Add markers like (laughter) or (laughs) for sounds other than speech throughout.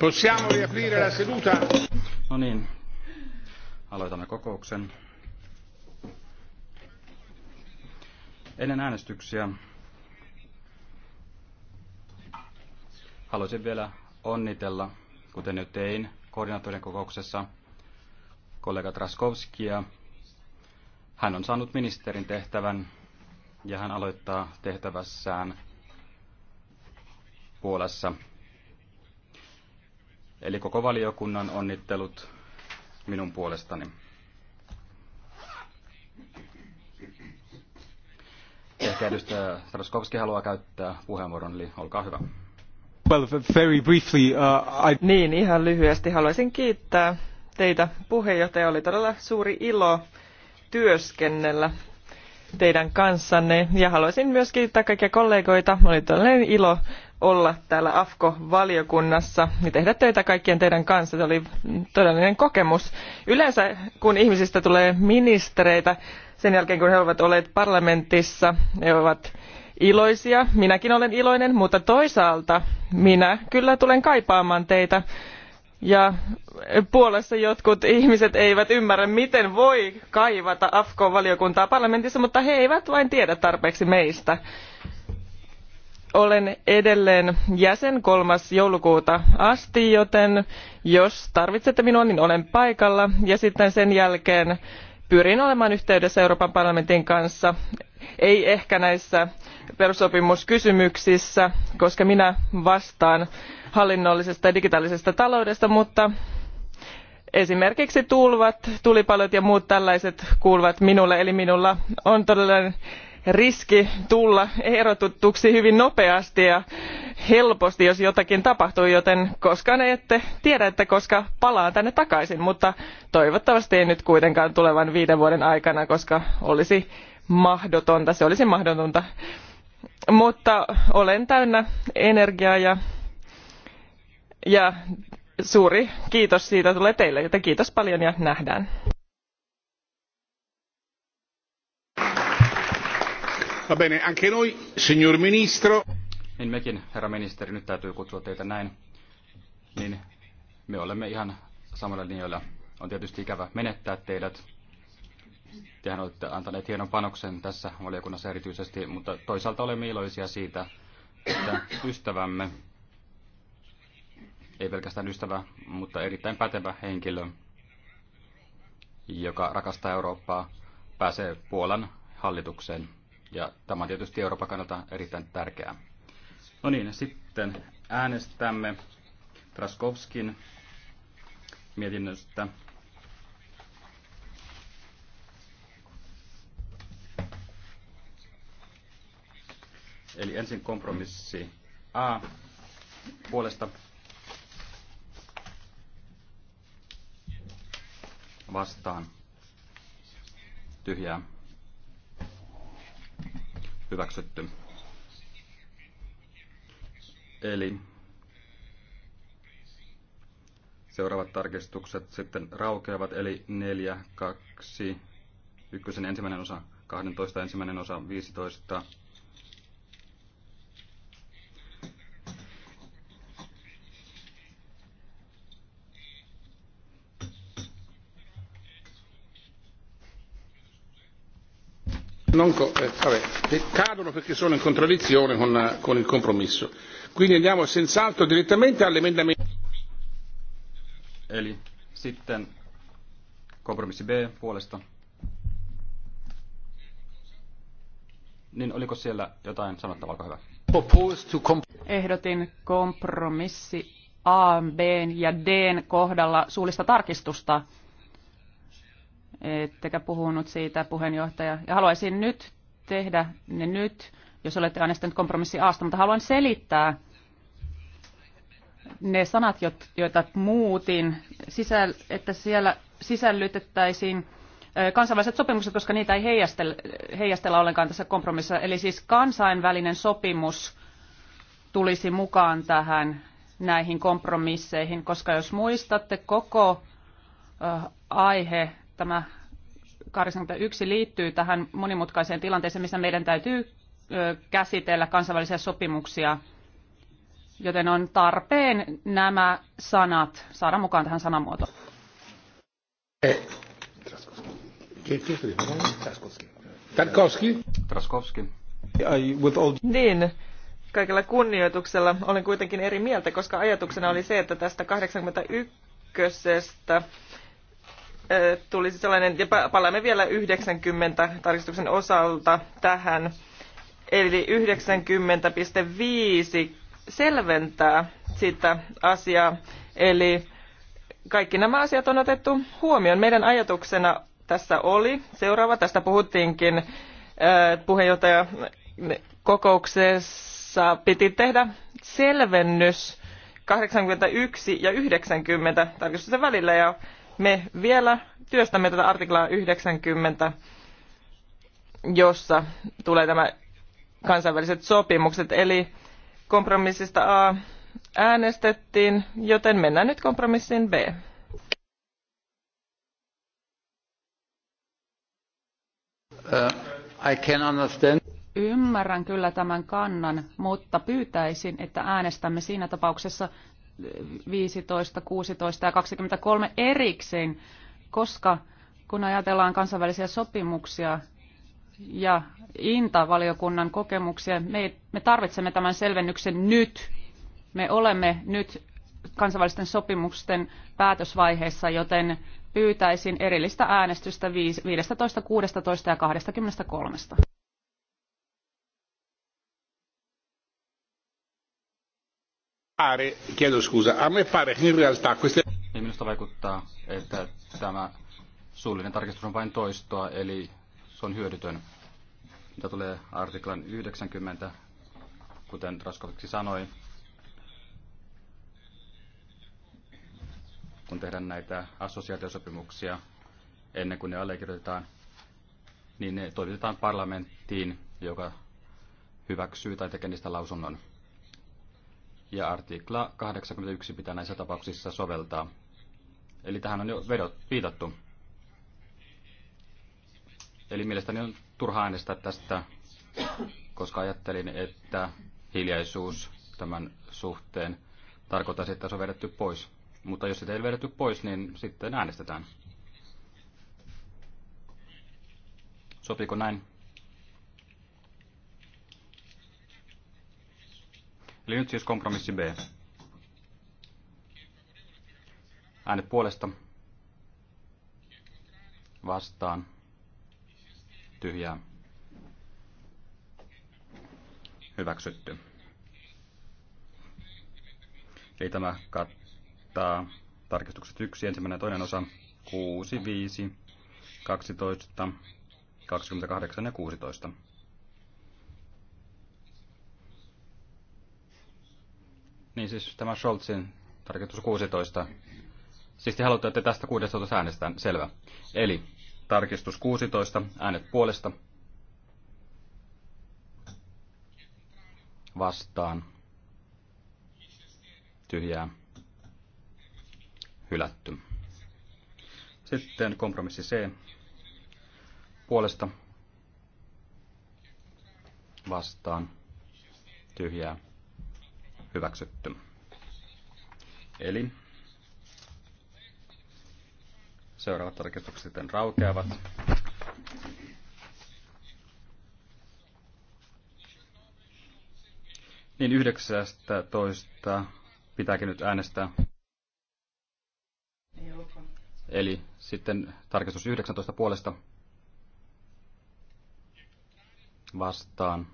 Possiamo riaprire la seduta? No niin, aloitamme kokouksen. Ennen äänestyksiä haluaisin vielä onnitella, kuten jo tein koordinaattorin kokouksessa, kollega Traskovskia. Hän on saanut ministerin tehtävän ja hän aloittaa tehtävässään Puolassa Eli koko valiokunnan onnittelut minun puolestani. Ehkä edustaja Saraskovski haluaa käyttää puheenvuoron, eli olkaa hyvä. Well, very briefly, uh, I... Niin, ihan lyhyesti haluaisin kiittää teitä puheenjohtaja. Oli todella suuri ilo työskennellä teidän kanssanne ja haluaisin myös kiittää kaikkia kollegoita. Oli todella ilo olla täällä AFKO-valiokunnassa ja tehdä töitä kaikkien teidän kanssa. Se oli todellinen kokemus. Yleensä kun ihmisistä tulee ministereitä sen jälkeen kun he ovat olleet parlamentissa, he ovat iloisia. Minäkin olen iloinen, mutta toisaalta minä kyllä tulen kaipaamaan teitä ja puolessa jotkut ihmiset eivät ymmärrä miten voi kaivata afko valiokuntaa parlamentissa mutta he eivät vain tiedä tarpeeksi meistä olen edelleen jäsen kolmas joulukuuta asti joten jos tarvitsette minua niin olen paikalla ja sitten sen jälkeen pyrin olemaan yhteydessä euroopan parlamentin kanssa ei ehkä näissä perussopimuskysymyksissä koska minä vastaan hallinnollisesta ja digitaalisesta taloudesta mutta esimerkiksi tulvat tulipalot ja muut tällaiset kuuluvat minulle eli minulla on todellinen riski tulla erotetuksi hyvin nopeasti ja helposti jos jotakin tapahtuu joten koskaan ette tiedä että koska palaan tänne takaisin mutta toivottavasti ei nyt kuitenkaan tulevan viiden vuoden aikana koska olisi mahdotonta se olisi mahdotonta mutta olen täynnä energiaa ja, ja suuri kiitos siitä tulee teille joten kiitos paljon ja nähdään. Va bene, anche noi, signor ministro. Niin mekin, herra ministeri, nyt täytyy kutsua teitä näin. Niin me olemme ihan samalla linjoilla. On tietysti ikävä menettää teidät. Tehän olette antaneet hienon panoksen tässä valiokunnassa erityisesti, mutta toisaalta olemme iloisia siitä, että ystävämme, ei pelkästään ystävä, mutta erittäin pätevä henkilö, joka rakastaa Eurooppaa, pääsee Puolan hallitukseen. Ja tämä on tietysti Euroopan kannalta erittäin tärkeää. No niin, sitten äänestämme Traskovskin mietinnöstä. Eli ensin kompromissi A puolesta vastaan tyhjää hyväksytty. Eli seuraavat tarkistukset sitten raukeavat, eli 4, 2, 1 ensimmäinen osa, 12 ensimmäinen osa, 15, Eh, cadono perché sono in contraddizione eh, con, il compromesso. Quindi andiamo senz'altro direttamente all'emendamento. Ehdotin kompromissi A, B ja D kohdalla suullista tarkistusta ettekä puhunut siitä puheenjohtaja. Ja haluaisin nyt tehdä ne nyt, jos olette äänestänyt kompromissi aasta, mutta haluan selittää ne sanat, joita muutin, että siellä sisällytettäisiin kansainväliset sopimukset, koska niitä ei heijastella, heijastella ollenkaan tässä kompromissa. Eli siis kansainvälinen sopimus tulisi mukaan tähän näihin kompromisseihin, koska jos muistatte koko aihe tämä 81 liittyy tähän monimutkaiseen tilanteeseen, missä meidän täytyy käsitellä kansainvälisiä sopimuksia, joten on tarpeen nämä sanat saada mukaan tähän sanamuotoon. Eh, Tarkovski. Tarkovski. Niin, kaikella kunnioituksella olen kuitenkin eri mieltä, koska ajatuksena oli se, että tästä 81 tulisi sellainen, ja palaamme vielä 90 tarkistuksen osalta tähän, eli 90.5 selventää sitä asiaa, eli kaikki nämä asiat on otettu huomioon. Meidän ajatuksena tässä oli seuraava, tästä puhuttiinkin puheenjohtaja kokouksessa piti tehdä selvennys 81 ja 90 tarkistusten välillä ja me vielä työstämme tätä artiklaa 90, jossa tulee tämä kansainväliset sopimukset. Eli kompromissista A äänestettiin, joten mennään nyt kompromissiin B. Uh, I can understand. Ymmärrän kyllä tämän kannan, mutta pyytäisin, että äänestämme siinä tapauksessa 15, 16 ja 23 erikseen, koska kun ajatellaan kansainvälisiä sopimuksia ja INTA-valiokunnan kokemuksia, me, me tarvitsemme tämän selvennyksen nyt. Me olemme nyt kansainvälisten sopimusten päätösvaiheessa, joten pyytäisin erillistä äänestystä 15, 16 ja 23. Pare, chiedo scusa, a me pare in realtà queste... Niin minusta vaikuttaa, että tämä suullinen tarkistus on vain toistoa, eli se on hyödytön. Mitä tulee artiklan 90, kuten Raskoviksi sanoi, kun tehdään näitä assosiaatiosopimuksia ennen kuin ne allekirjoitetaan, niin ne toimitetaan parlamenttiin, joka hyväksyy tai tekee niistä lausunnon ja artikla 81 pitää näissä tapauksissa soveltaa. Eli tähän on jo vedot, viitattu. Eli mielestäni on turha äänestää tästä, koska ajattelin, että hiljaisuus tämän suhteen tarkoittaa, että se on vedetty pois. Mutta jos sitä ei vedetty pois, niin sitten äänestetään. Sopiiko näin? Eli nyt siis kompromissi B. Äänet puolesta. Vastaan. Tyhjää. Hyväksytty. Eli tämä kattaa tarkistukset 1, ensimmäinen ja toinen osa, 6, 5, 12, 28 ja 16. Niin siis tämä Scholzin tarkistus 16. Siis te haluatte, että tästä 16 tuota äänestään. Selvä. Eli tarkistus 16, äänet puolesta. Vastaan. Tyhjää. Hylätty. Sitten kompromissi C. Puolesta. Vastaan. Tyhjää hyväksytty. Eli seuraavat tarkistukset sitten raukeavat. Niin 19 pitääkin nyt äänestää. Eli sitten tarkistus 19 puolesta vastaan.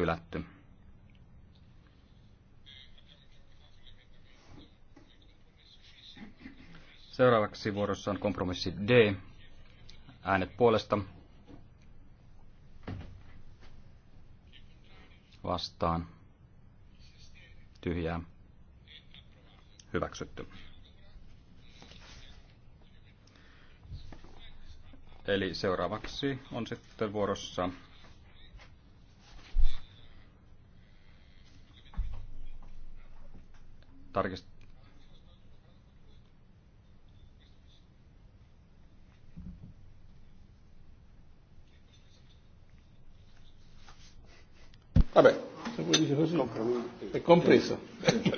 hylätty. Seuraavaksi vuorossa on kompromissi D. Äänet puolesta. Vastaan. Tyhjää. Hyväksytty. Eli seuraavaksi on sitten vuorossa Tarkist... Vabbè, se vuoi dire così è compreso.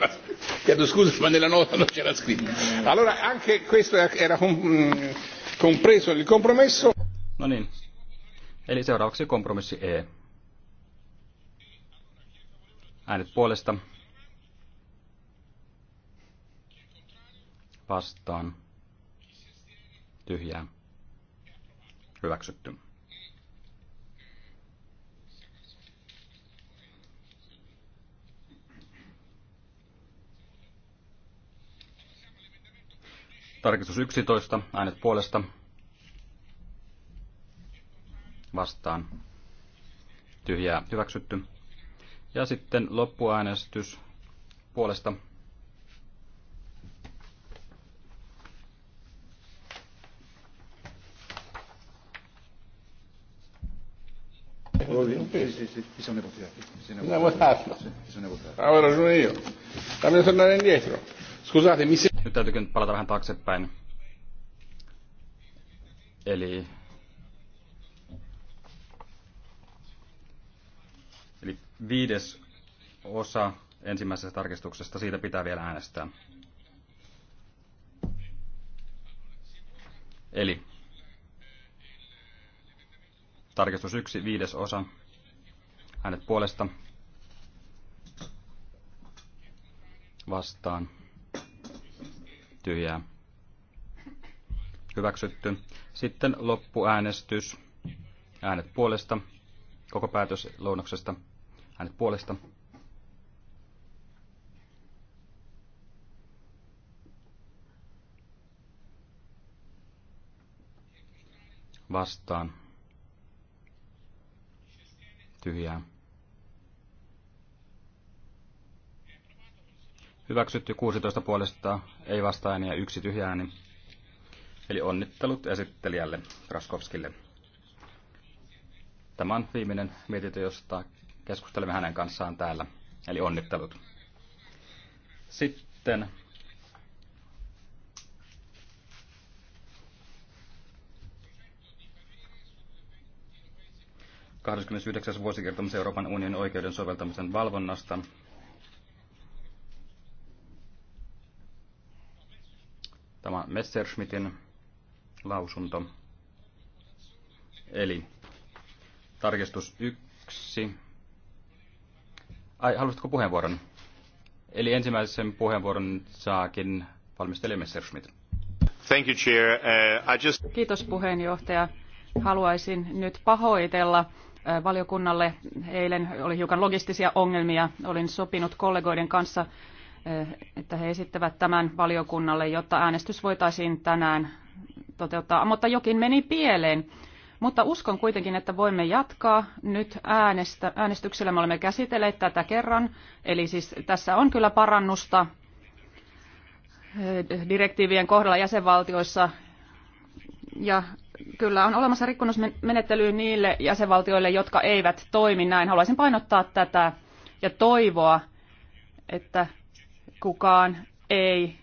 (laughs) Chiedo scusa, ma nella nota non c'era scritto. Allora anche questo era compreso il compromesso. No niin. Eli seuraavaksi kompromissi E. Äänet puolesta. vastaan tyhjää hyväksytty. Tarkistus 11, äänet puolesta. Vastaan. Tyhjää hyväksytty. Ja sitten loppuäänestys puolesta votato? Sì, sì, sì, bisogna votare. Bisogna votare. Avevo ah, ragione io. Dammi tornare indietro. Scusate, mi Nyt täytyy nyt palata vähän taaksepäin. Eli... Eli viides osa ensimmäisestä tarkistuksesta, siitä pitää vielä äänestää. Eli Tarkistus yksi viides osa. Äänet puolesta. Vastaan. Tyhjää. Hyväksytty. Sitten loppuäänestys. Äänet puolesta. Koko päätös luonnoksesta. Äänet puolesta. Vastaan tyhjää. Hyväksytty 16 puolesta, ei vastaan ja yksi tyhjääni. Eli onnittelut esittelijälle Raskovskille. Tämä on viimeinen mietintö, josta keskustelemme hänen kanssaan täällä. Eli onnittelut. Sitten 29. vuosikertomus Euroopan unionin oikeuden soveltamisen valvonnasta. Tämä Messerschmittin lausunto. Eli tarkistus yksi. Ai, haluaisitko puheenvuoron? Eli ensimmäisen puheenvuoron saakin valmistelija Messerschmitt. Thank you, Chair. Uh, I just... Kiitos puheenjohtaja. Haluaisin nyt pahoitella valiokunnalle. Eilen oli hiukan logistisia ongelmia. Olin sopinut kollegoiden kanssa, että he esittävät tämän valiokunnalle, jotta äänestys voitaisiin tänään toteuttaa. Mutta jokin meni pieleen. Mutta uskon kuitenkin, että voimme jatkaa nyt äänestä, äänestyksellä. Me olemme käsitelleet tätä kerran. Eli siis tässä on kyllä parannusta direktiivien kohdalla jäsenvaltioissa. Ja kyllä on olemassa rikkonusmenettely niille jäsenvaltioille, jotka eivät toimi näin. Haluaisin painottaa tätä ja toivoa, että kukaan ei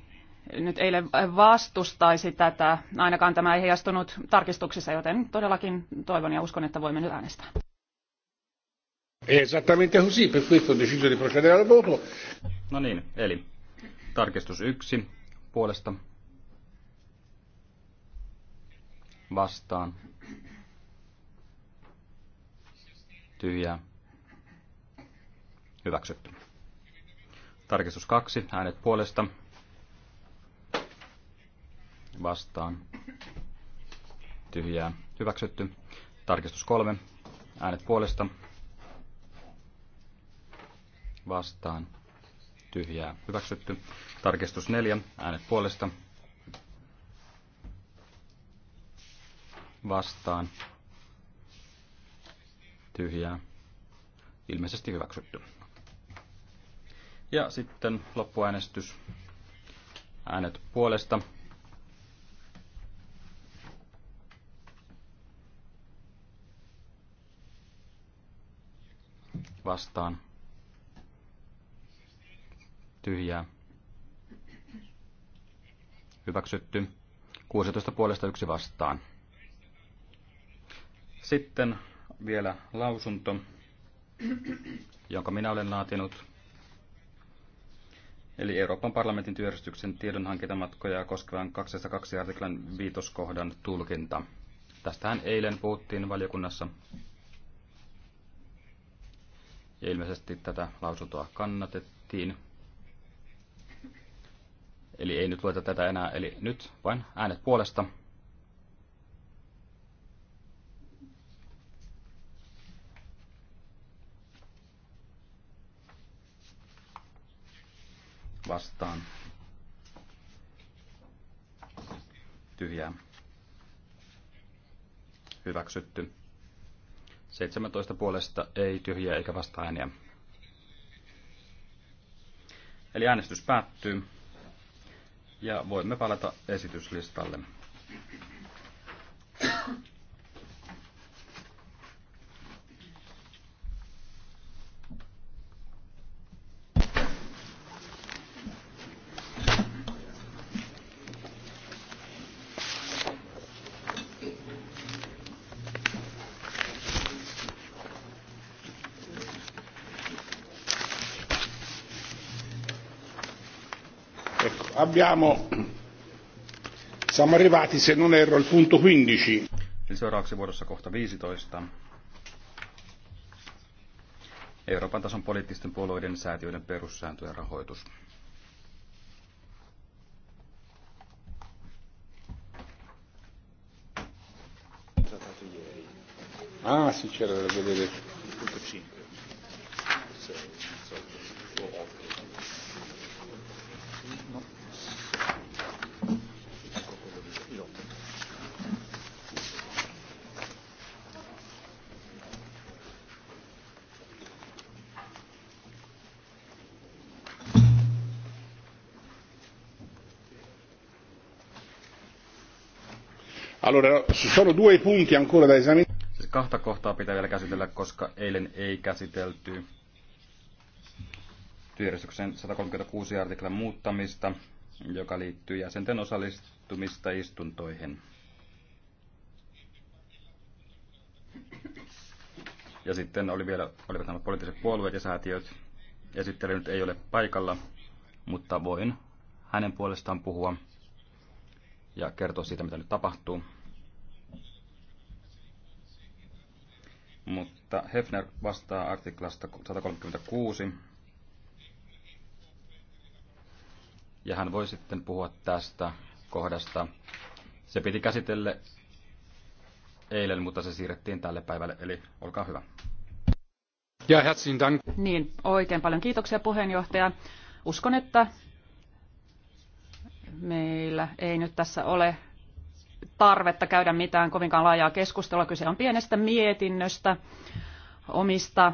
nyt eilen vastustaisi tätä. Ainakaan tämä ei heijastunut tarkistuksissa, joten todellakin toivon ja uskon, että voimme nyt äänestää. Esattamente così, per questo deciso di procedere al voto. No niin, eli tarkistus yksi puolesta vastaan tyhjää hyväksytty. Tarkistus kaksi Äänet puolesta vastaan tyhjää hyväksytty. Tarkistus kolme Äänet puolesta vastaan tyhjää hyväksytty. Tarkistus neljä. Äänet puolesta vastaan vastaan tyhjää ilmeisesti hyväksytty. Ja sitten loppuäänestys. Äänet puolesta. Vastaan. Tyhjää. Hyväksytty. 16 puolesta yksi vastaan. Sitten vielä lausunto, jonka minä olen laatinut. Eli Euroopan parlamentin työjärjestyksen tiedonhankintamatkoja koskevan 202 artiklan viitoskohdan tulkinta. Tästähän eilen puhuttiin valiokunnassa. Ja ilmeisesti tätä lausuntoa kannatettiin. Eli ei nyt lueta tätä enää, eli nyt vain äänet puolesta vastaan tyhjää hyväksytty. 17 puolesta ei tyhjiä eikä vasta ääniä. Eli äänestys päättyy ja voimme palata esityslistalle. Abbiamo... Siamo arrivati, se non erro, al punto 15. vuorossa kohta 15. Euroopan tason poliittisten puolueiden säätiöiden perussääntöjen rahoitus. Ah, sì, c'era da vedere. Punto 5. Allora, sono due punti ancora da esaminare. Siis kahta kohtaa pitää vielä käsitellä, koska eilen ei käsitelty työjärjestyksen 136 artiklan muuttamista, joka liittyy jäsenten osallistumista istuntoihin. Ja sitten oli vielä, olivat nämä poliittiset puolueet ja säätiöt. Esittely nyt ei ole paikalla, mutta voin hänen puolestaan puhua ja kertoa siitä, mitä nyt tapahtuu. mutta Hefner vastaa artiklasta 136. Ja hän voi sitten puhua tästä kohdasta. Se piti käsitellä eilen, mutta se siirrettiin tälle päivälle, eli olkaa hyvä. Ja herzlichen Dank. Niin, oikein paljon kiitoksia puheenjohtaja. Uskon, että meillä ei nyt tässä ole tarvetta käydä mitään kovinkaan laajaa keskustelua. Kyse on pienestä mietinnöstä omista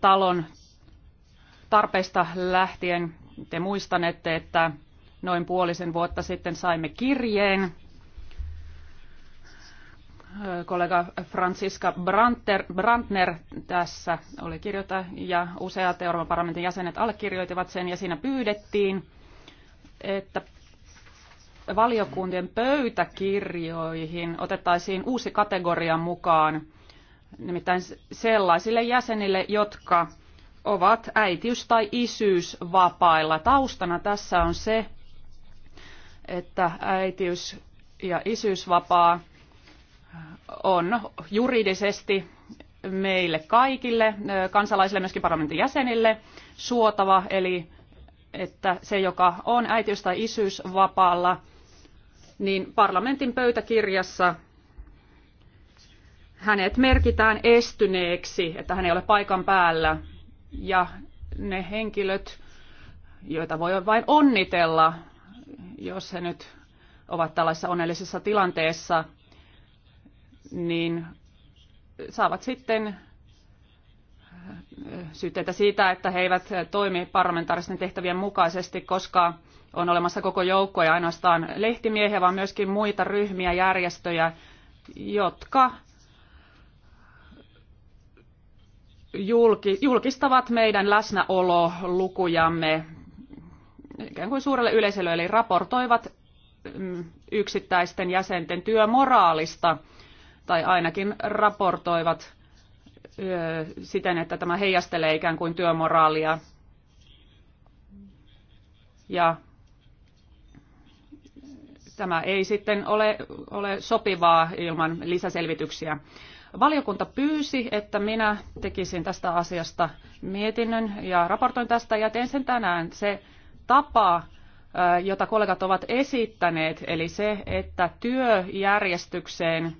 talon tarpeista lähtien. Te muistanette, että noin puolisen vuotta sitten saimme kirjeen kollega Franziska Brandner, Brandner tässä oli kirjoittaja ja useat Euroopan parlamentin jäsenet allekirjoitivat sen ja siinä pyydettiin, että valiokuntien pöytäkirjoihin otettaisiin uusi kategoria mukaan, nimittäin sellaisille jäsenille, jotka ovat äitiys- tai isyysvapailla. Taustana tässä on se, että äitiys- ja isyysvapaa on juridisesti meille kaikille, kansalaisille, myöskin parlamentin jäsenille suotava, eli että se, joka on äitiys- tai isyysvapaalla, niin parlamentin pöytäkirjassa hänet merkitään estyneeksi, että hän ei ole paikan päällä. Ja ne henkilöt, joita voi vain onnitella, jos he nyt ovat tällaisessa onnellisessa tilanteessa, niin saavat sitten syytteitä siitä, että he eivät toimi parlamentaaristen tehtävien mukaisesti, koska on olemassa koko joukko ja ainoastaan lehtimiehiä, vaan myöskin muita ryhmiä, järjestöjä, jotka julkistavat meidän läsnäololukujamme ikään kuin suurelle yleisölle, eli raportoivat mm, yksittäisten jäsenten työmoraalista, tai ainakin raportoivat siten, että tämä heijastelee ikään kuin työmoraalia. Ja tämä ei sitten ole, ole sopivaa ilman lisäselvityksiä. Valiokunta pyysi, että minä tekisin tästä asiasta mietinnön ja raportoin tästä ja teen sen tänään. Se tapa, jota kollegat ovat esittäneet, eli se, että työjärjestykseen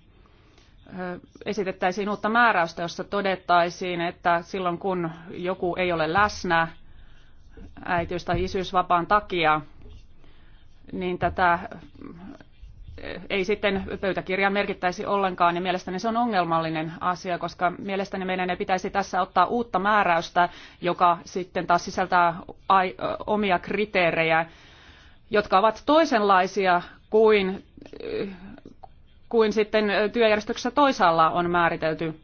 esitettäisiin uutta määräystä, jossa todettaisiin, että silloin kun joku ei ole läsnä äitiys- tai isyysvapaan takia, niin tätä ei sitten pöytäkirjaa merkittäisi ollenkaan, niin mielestäni se on ongelmallinen asia, koska mielestäni meidän ei pitäisi tässä ottaa uutta määräystä, joka sitten taas sisältää omia kriteerejä, jotka ovat toisenlaisia kuin, kuin sitten työjärjestyksessä toisaalla on määritelty.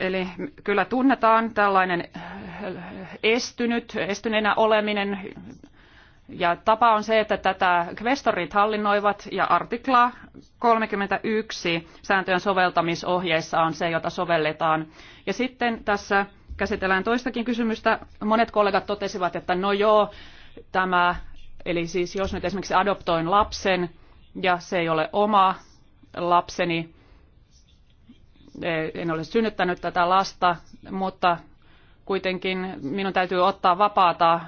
Eli kyllä tunnetaan tällainen estynyt, estyneenä oleminen. Ja tapa on se, että tätä kvestorit hallinnoivat ja artikla 31 sääntöjen soveltamisohjeissa on se, jota sovelletaan. Ja sitten tässä käsitellään toistakin kysymystä. Monet kollegat totesivat, että no joo, tämä, eli siis jos nyt esimerkiksi adoptoin lapsen ja se ei ole oma lapseni, en ole synnyttänyt tätä lasta, mutta kuitenkin minun täytyy ottaa vapaata,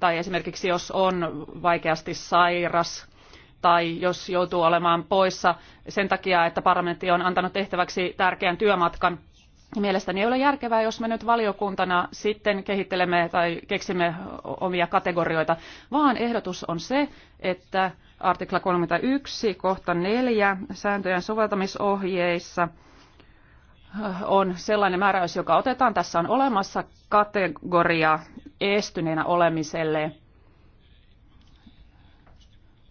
tai esimerkiksi jos on vaikeasti sairas, tai jos joutuu olemaan poissa sen takia, että parlamentti on antanut tehtäväksi tärkeän työmatkan. Mielestäni ei ole järkevää, jos me nyt valiokuntana sitten kehittelemme tai keksimme omia kategorioita, vaan ehdotus on se, että artikla 31, kohta 4, sääntöjen soveltamisohjeissa – on sellainen määräys, joka otetaan. Tässä on olemassa kategoria estyneenä olemiselle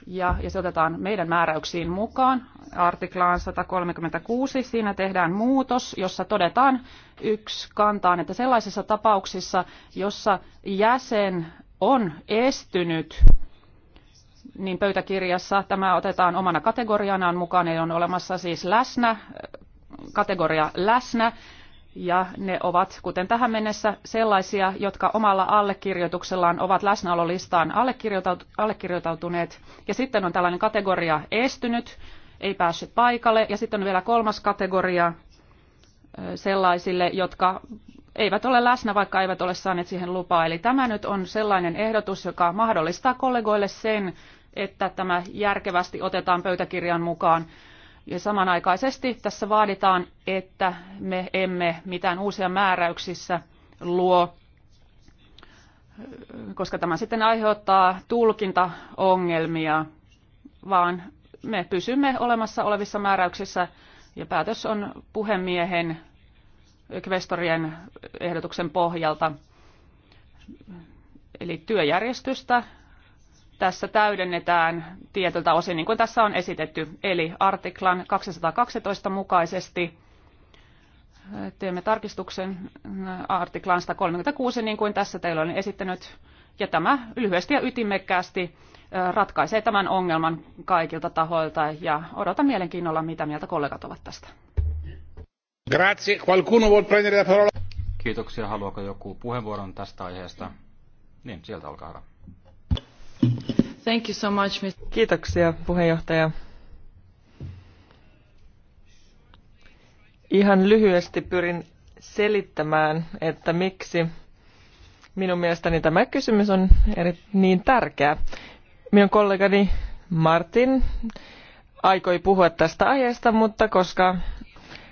ja, ja se otetaan meidän määräyksiin mukaan. Artiklaan 136 siinä tehdään muutos, jossa todetaan yksi kantaan, että sellaisissa tapauksissa, jossa jäsen on estynyt, niin pöytäkirjassa tämä otetaan omana kategorianaan mukaan, ei on olemassa siis läsnä kategoria läsnä ja ne ovat, kuten tähän mennessä, sellaisia, jotka omalla allekirjoituksellaan ovat läsnäololistaan allekirjoitautuneet. Ja sitten on tällainen kategoria estynyt, ei päässyt paikalle. Ja sitten on vielä kolmas kategoria sellaisille, jotka eivät ole läsnä, vaikka eivät ole saaneet siihen lupaa. Eli tämä nyt on sellainen ehdotus, joka mahdollistaa kollegoille sen, että tämä järkevästi otetaan pöytäkirjan mukaan ja samanaikaisesti tässä vaaditaan, että me emme mitään uusia määräyksissä luo, koska tämä sitten aiheuttaa tulkintaongelmia, vaan me pysymme olemassa olevissa määräyksissä ja päätös on puhemiehen kvestorien ehdotuksen pohjalta. Eli työjärjestystä tässä täydennetään tietyltä osin, niin kuin tässä on esitetty, eli artiklan 212 mukaisesti teemme tarkistuksen artiklan 136, niin kuin tässä teillä on esittänyt, ja tämä lyhyesti ja ytimekkäästi ratkaisee tämän ongelman kaikilta tahoilta, ja odotan mielenkiinnolla, mitä mieltä kollegat ovat tästä. Kiitoksia. Haluaako joku puheenvuoron tästä aiheesta? Niin, sieltä olkaa hyvä. Thank you Kiitoksia puheenjohtaja. Ihan lyhyesti pyrin selittämään, että miksi minun mielestäni tämä kysymys on eri, niin tärkeä. Minun kollegani Martin aikoi puhua tästä aiheesta, mutta koska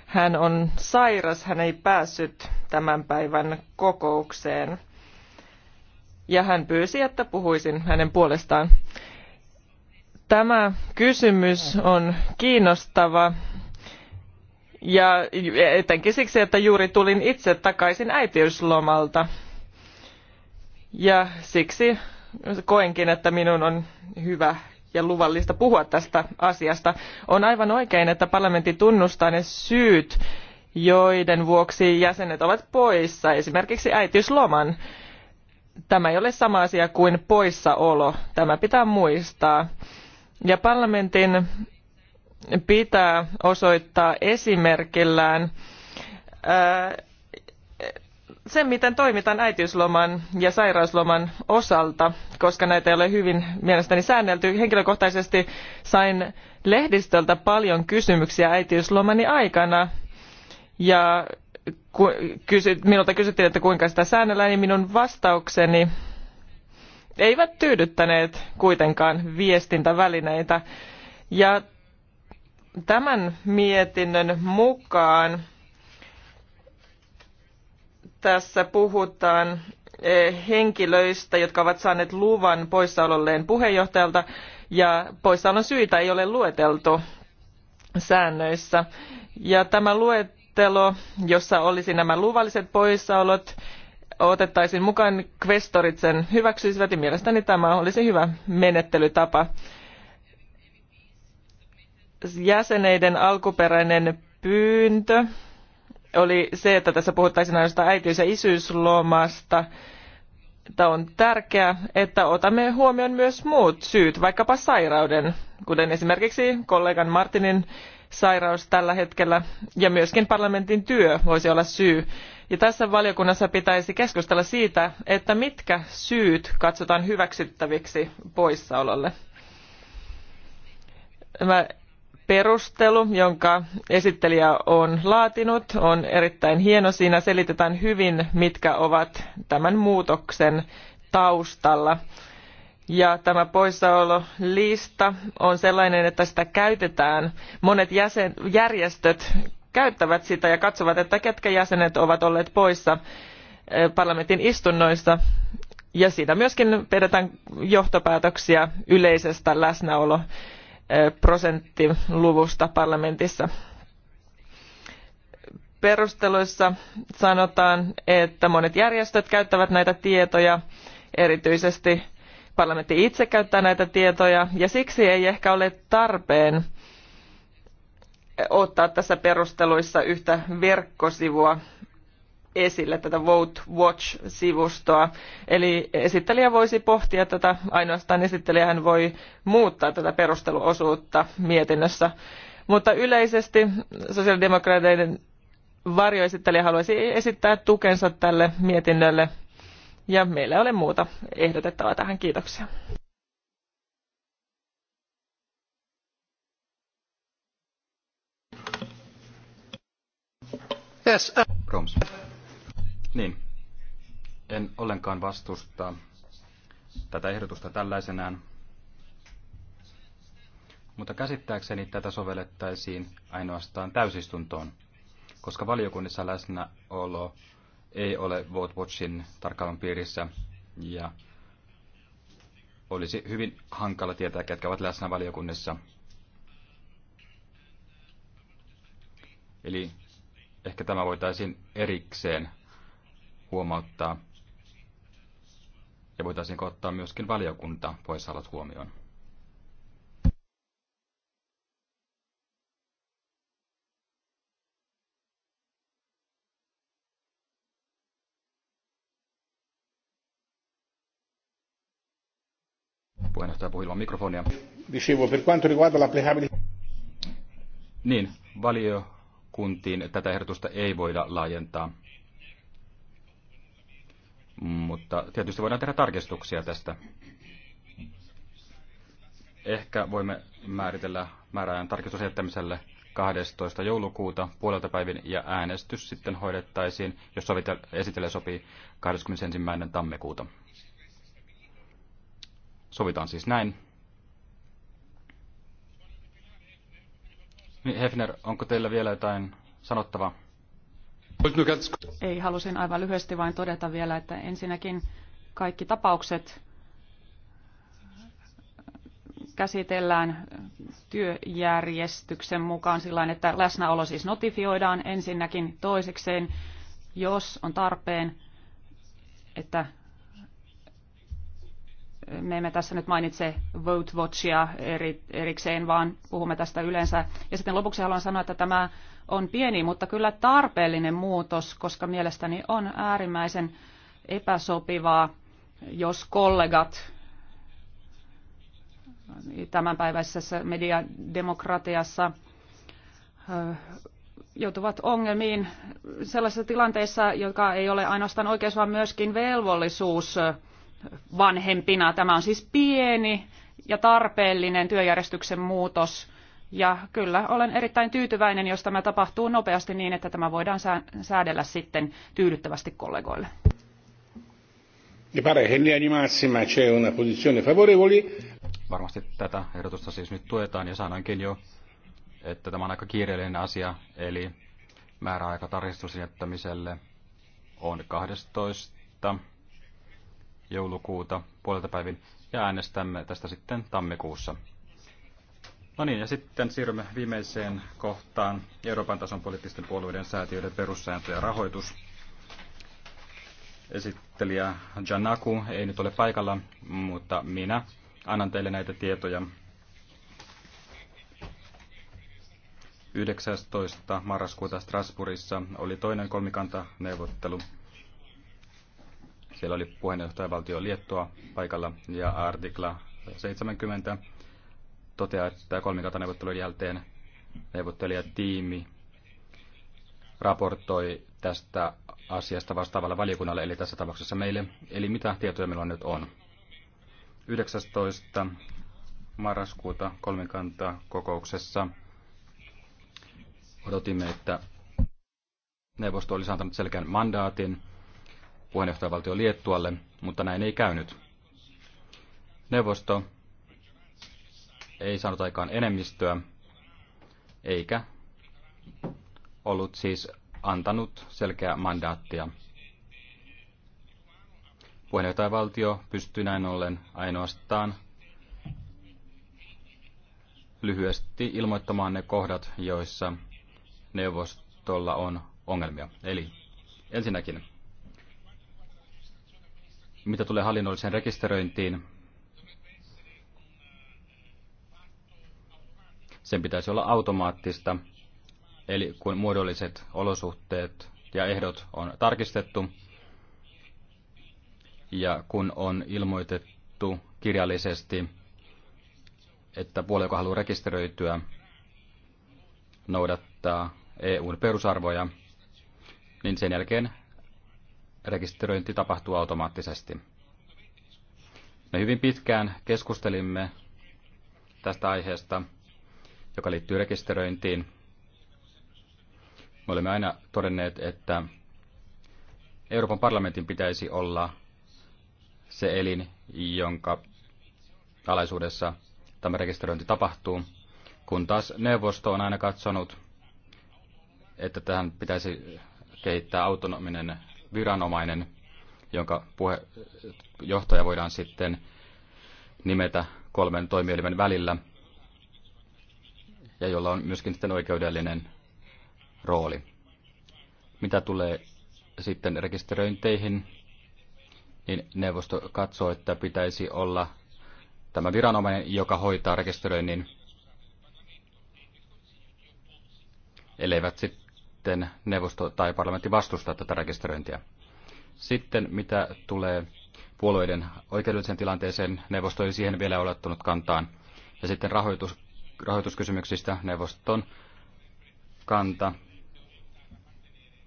hän on sairas, hän ei päässyt tämän päivän kokoukseen ja hän pyysi, että puhuisin hänen puolestaan. Tämä kysymys on kiinnostava ja etenkin siksi, että juuri tulin itse takaisin äitiyslomalta. Ja siksi koenkin, että minun on hyvä ja luvallista puhua tästä asiasta. On aivan oikein, että parlamentti tunnustaa ne syyt, joiden vuoksi jäsenet ovat poissa, esimerkiksi äitiysloman tämä ei ole sama asia kuin poissaolo. Tämä pitää muistaa. Ja parlamentin pitää osoittaa esimerkillään äh, se, miten toimitaan äitiysloman ja sairausloman osalta, koska näitä ei ole hyvin mielestäni säännelty. Henkilökohtaisesti sain lehdistöltä paljon kysymyksiä äitiyslomani aikana ja minulta kysyttiin, että kuinka sitä säännellään, niin minun vastaukseni eivät tyydyttäneet kuitenkaan viestintävälineitä. Ja tämän mietinnön mukaan tässä puhutaan eh, henkilöistä, jotka ovat saaneet luvan poissaololleen puheenjohtajalta ja poissaolon syitä ei ole lueteltu säännöissä. Ja tämä luet luettelo, jossa olisi nämä luvalliset poissaolot, otettaisiin mukaan kvestorit sen hyväksyisivät ja mielestäni tämä olisi hyvä menettelytapa. Jäseneiden alkuperäinen pyyntö oli se, että tässä puhuttaisiin ainoastaan äitiys- ja isyyslomasta. Tämä on tärkeää, että otamme huomioon myös muut syyt, vaikkapa sairauden, kuten esimerkiksi kollegan Martinin sairaus tällä hetkellä ja myöskin parlamentin työ voisi olla syy. Ja tässä valiokunnassa pitäisi keskustella siitä, että mitkä syyt katsotaan hyväksyttäviksi poissaololle. Tämä perustelu, jonka esittelijä on laatinut, on erittäin hieno. Siinä selitetään hyvin, mitkä ovat tämän muutoksen taustalla ja tämä poissaololista on sellainen, että sitä käytetään. Monet jäsen, järjestöt käyttävät sitä ja katsovat, että ketkä jäsenet ovat olleet poissa eh, parlamentin istunnoista. Ja siitä myöskin vedetään johtopäätöksiä yleisestä läsnäoloprosenttiluvusta eh, parlamentissa. Perusteluissa sanotaan, että monet järjestöt käyttävät näitä tietoja erityisesti Parlamentti itse käyttää näitä tietoja ja siksi ei ehkä ole tarpeen ottaa tässä perusteluissa yhtä verkkosivua esille tätä Vote Watch-sivustoa. Eli esittelijä voisi pohtia tätä, ainoastaan esittelijähän voi muuttaa tätä perusteluosuutta mietinnössä. Mutta yleisesti sosiaalidemokraateiden varjoesittelijä haluaisi esittää tukensa tälle mietinnölle ja meillä ei ole muuta ehdotettavaa tähän. Kiitoksia. Yes. Proms. Uh, niin. En ollenkaan vastusta tätä ehdotusta tällaisenään, mutta käsittääkseni tätä sovellettaisiin ainoastaan täysistuntoon, koska valiokunnissa läsnäolo ei ole Vote Watchin tarkkailun piirissä ja olisi hyvin hankala tietää, ketkä ovat läsnä valiokunnissa. Eli ehkä tämä voitaisiin erikseen huomauttaa ja voitaisiin ottaa myöskin valiokunta poissaolot huomioon. Puheenjohtaja puhui mikrofonia. Dicevo, per quanto riguarda l'applicabilità... Niin, valiokuntiin tätä ehdotusta ei voida laajentaa. Mutta tietysti voidaan tehdä tarkistuksia tästä. Ehkä voimme määritellä määräajan tarkistusjättämiselle 12. joulukuuta puolelta päivin ja äänestys sitten hoidettaisiin, jos esitellä sopii 21. tammikuuta. Sovitaan siis näin. Niin, Hefner, onko teillä vielä jotain sanottavaa? Ei, halusin aivan lyhyesti vain todeta vielä, että ensinnäkin kaikki tapaukset käsitellään työjärjestyksen mukaan sillä että läsnäolo siis notifioidaan ensinnäkin toisekseen, jos on tarpeen, että me emme tässä nyt mainitse Vote Watchia eri, erikseen, vaan puhumme tästä yleensä. Ja sitten lopuksi haluan sanoa, että tämä on pieni, mutta kyllä tarpeellinen muutos, koska mielestäni on äärimmäisen epäsopivaa, jos kollegat tämänpäiväisessä mediademokratiassa joutuvat ongelmiin sellaisissa tilanteissa, joka ei ole ainoastaan oikeus, vaan myöskin velvollisuus vanhempina. Tämä on siis pieni ja tarpeellinen työjärjestyksen muutos. Ja kyllä olen erittäin tyytyväinen, jos tämä tapahtuu nopeasti niin, että tämä voidaan säädellä sitten tyydyttävästi kollegoille. Varmasti tätä ehdotusta siis nyt tuetaan ja sanoinkin jo, että tämä on aika kiireellinen asia, eli määräaika tarkistusjättämiselle on 12 joulukuuta puolelta päivin ja äänestämme tästä sitten tammikuussa. No niin, ja sitten siirrymme viimeiseen kohtaan Euroopan tason poliittisten puolueiden säätiöiden perussääntö ja rahoitus. Esittelijä Janaku ei nyt ole paikalla, mutta minä annan teille näitä tietoja. 19. marraskuuta Strasbourgissa oli toinen kolmikanta neuvottelu siellä oli puheenjohtajavaltio Liettua paikalla ja artikla 70 toteaa, että kolmikantaneuvottelujen jälkeen neuvottelijatiimi raportoi tästä asiasta vastaavalle valiokunnalle, eli tässä tapauksessa meille. Eli mitä tietoja meillä nyt on? 19. marraskuuta kolmikanta kokouksessa odotimme, että neuvosto olisi antanut selkeän mandaatin puheenjohtajavaltio Liettualle, mutta näin ei käynyt. Neuvosto ei saanut aikaan enemmistöä, eikä ollut siis antanut selkeää mandaattia. Puheenjohtajavaltio pystyi näin ollen ainoastaan lyhyesti ilmoittamaan ne kohdat, joissa neuvostolla on ongelmia. Eli ensinnäkin mitä tulee hallinnolliseen rekisteröintiin, sen pitäisi olla automaattista, eli kun muodolliset olosuhteet ja ehdot on tarkistettu ja kun on ilmoitettu kirjallisesti, että puoli, joka haluaa rekisteröityä, noudattaa EUn perusarvoja, niin sen jälkeen rekisteröinti tapahtuu automaattisesti. Me hyvin pitkään keskustelimme tästä aiheesta, joka liittyy rekisteröintiin. Me olemme aina todenneet, että Euroopan parlamentin pitäisi olla se elin, jonka alaisuudessa tämä rekisteröinti tapahtuu, kun taas neuvosto on aina katsonut, että tähän pitäisi kehittää autonominen viranomainen, jonka puhe, johtaja voidaan sitten nimetä kolmen toimielimen välillä ja jolla on myöskin sitten oikeudellinen rooli. Mitä tulee sitten rekisteröinteihin, niin neuvosto katsoo, että pitäisi olla tämä viranomainen, joka hoitaa rekisteröinnin, elleivät sitten sitten neuvosto tai parlamentti vastustaa tätä rekisteröintiä. Sitten mitä tulee puolueiden oikeudelliseen tilanteeseen, neuvosto ei siihen vielä ole ottanut kantaan. Ja sitten rahoitus, rahoituskysymyksistä neuvoston kanta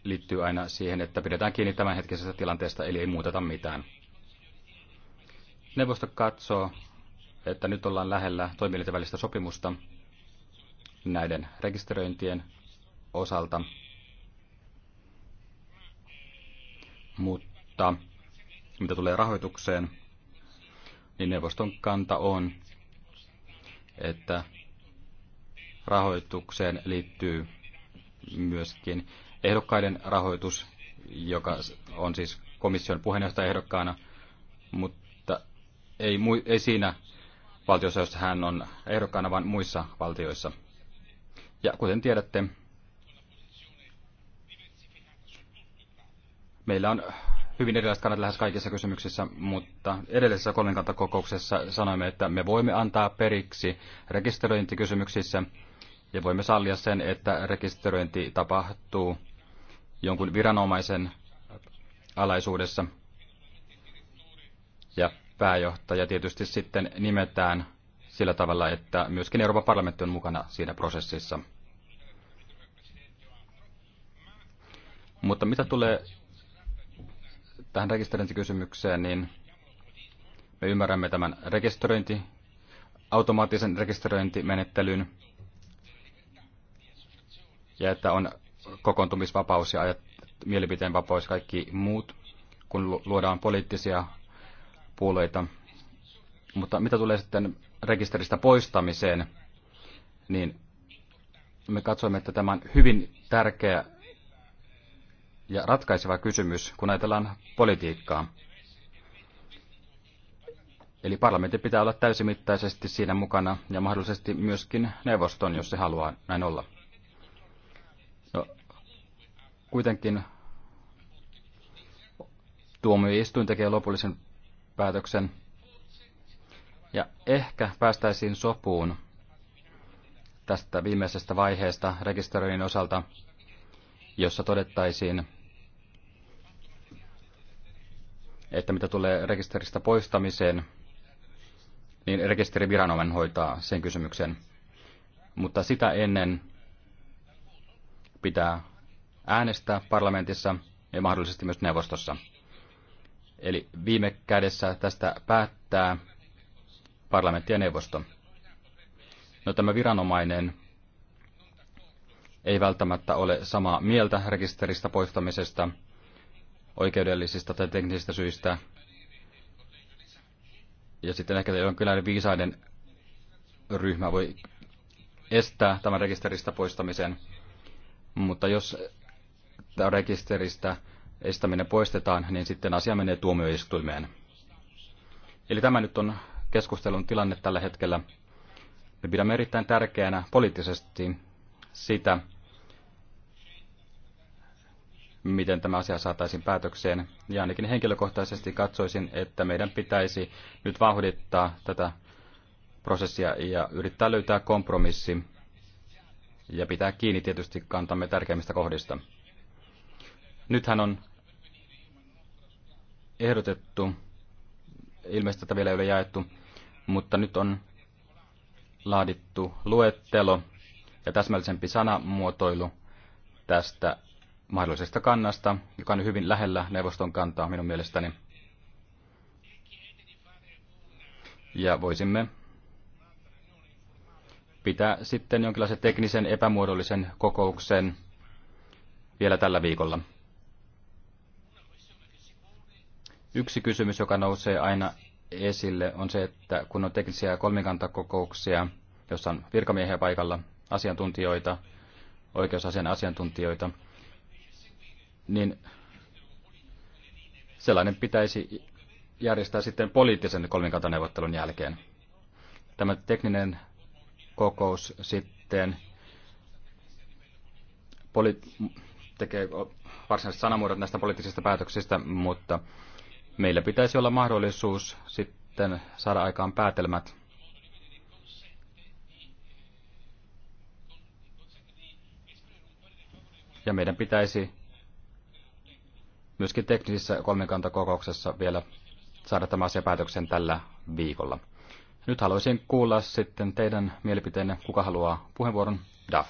liittyy aina siihen, että pidetään kiinni tämänhetkisestä tilanteesta, eli ei muuteta mitään. Neuvosto katsoo, että nyt ollaan lähellä toimielinten välistä sopimusta näiden rekisteröintien osalta Mutta mitä tulee rahoitukseen, niin neuvoston kanta on, että rahoitukseen liittyy myöskin ehdokkaiden rahoitus, joka on siis komission puheenjohtaja ehdokkaana, mutta ei, mu- ei siinä valtiossa, jossa hän on ehdokkaana, vaan muissa valtioissa. Ja kuten tiedätte, Meillä on hyvin erilaiset kannat lähes kaikissa kysymyksissä, mutta edellisessä kolmikantakokouksessa sanoimme, että me voimme antaa periksi rekisteröintikysymyksissä ja voimme sallia sen, että rekisteröinti tapahtuu jonkun viranomaisen alaisuudessa. Ja pääjohtaja tietysti sitten nimetään sillä tavalla, että myöskin Euroopan parlamentti on mukana siinä prosessissa. Mutta mitä tulee tähän rekisteröintikysymykseen, niin me ymmärrämme tämän rekisteröinti, automaattisen rekisteröintimenettelyn ja että on kokoontumisvapaus ja mielipiteenvapaus vapaus kaikki muut, kun luodaan poliittisia puolueita. Mutta mitä tulee sitten rekisteristä poistamiseen, niin me katsoimme, että tämä on hyvin tärkeä ja ratkaiseva kysymys, kun ajatellaan politiikkaa. Eli parlamentti pitää olla täysimittaisesti siinä mukana ja mahdollisesti myöskin neuvoston, jos se haluaa näin olla. No, kuitenkin tuomioistuin tekee lopullisen päätöksen ja ehkä päästäisiin sopuun tästä viimeisestä vaiheesta rekisteröinnin osalta, jossa todettaisiin, että mitä tulee rekisteristä poistamiseen, niin rekisteriviranomainen hoitaa sen kysymyksen. Mutta sitä ennen pitää äänestää parlamentissa ja mahdollisesti myös neuvostossa. Eli viime kädessä tästä päättää parlamentti ja neuvosto. No tämä viranomainen ei välttämättä ole samaa mieltä rekisteristä poistamisesta – oikeudellisista tai teknisistä syistä. Ja sitten ehkä jonkinlainen viisaiden ryhmä voi estää tämän rekisteristä poistamisen. Mutta jos tämä rekisteristä estäminen poistetaan, niin sitten asia menee tuomioistuimeen. Eli tämä nyt on keskustelun tilanne tällä hetkellä. Me pidämme erittäin tärkeänä poliittisesti sitä, miten tämä asia saataisiin päätökseen. Ja ainakin henkilökohtaisesti katsoisin, että meidän pitäisi nyt vauhdittaa tätä prosessia ja yrittää löytää kompromissi ja pitää kiinni tietysti kantamme tärkeimmistä kohdista. Nythän on ehdotettu, ilmeisesti tätä vielä ei ole jaettu, mutta nyt on laadittu luettelo ja täsmällisempi sanamuotoilu tästä mahdollisesta kannasta, joka on hyvin lähellä neuvoston kantaa minun mielestäni. Ja voisimme pitää sitten jonkinlaisen teknisen epämuodollisen kokouksen vielä tällä viikolla. Yksi kysymys, joka nousee aina esille, on se, että kun on teknisiä kolmikantakokouksia, jossa on virkamiehiä paikalla, asiantuntijoita, oikeusasian asiantuntijoita, niin sellainen pitäisi järjestää sitten poliittisen kolmikantaneuvottelun jälkeen. Tämä tekninen kokous sitten poli- tekee varsinaiset sanamuodot näistä poliittisista päätöksistä, mutta meillä pitäisi olla mahdollisuus sitten saada aikaan päätelmät ja meidän pitäisi myöskin teknisissä kolmikantakokouksessa vielä saada tämä asia päätöksen tällä viikolla. Nyt haluaisin kuulla sitten teidän mielipiteenne. Kuka haluaa puheenvuoron? DAF.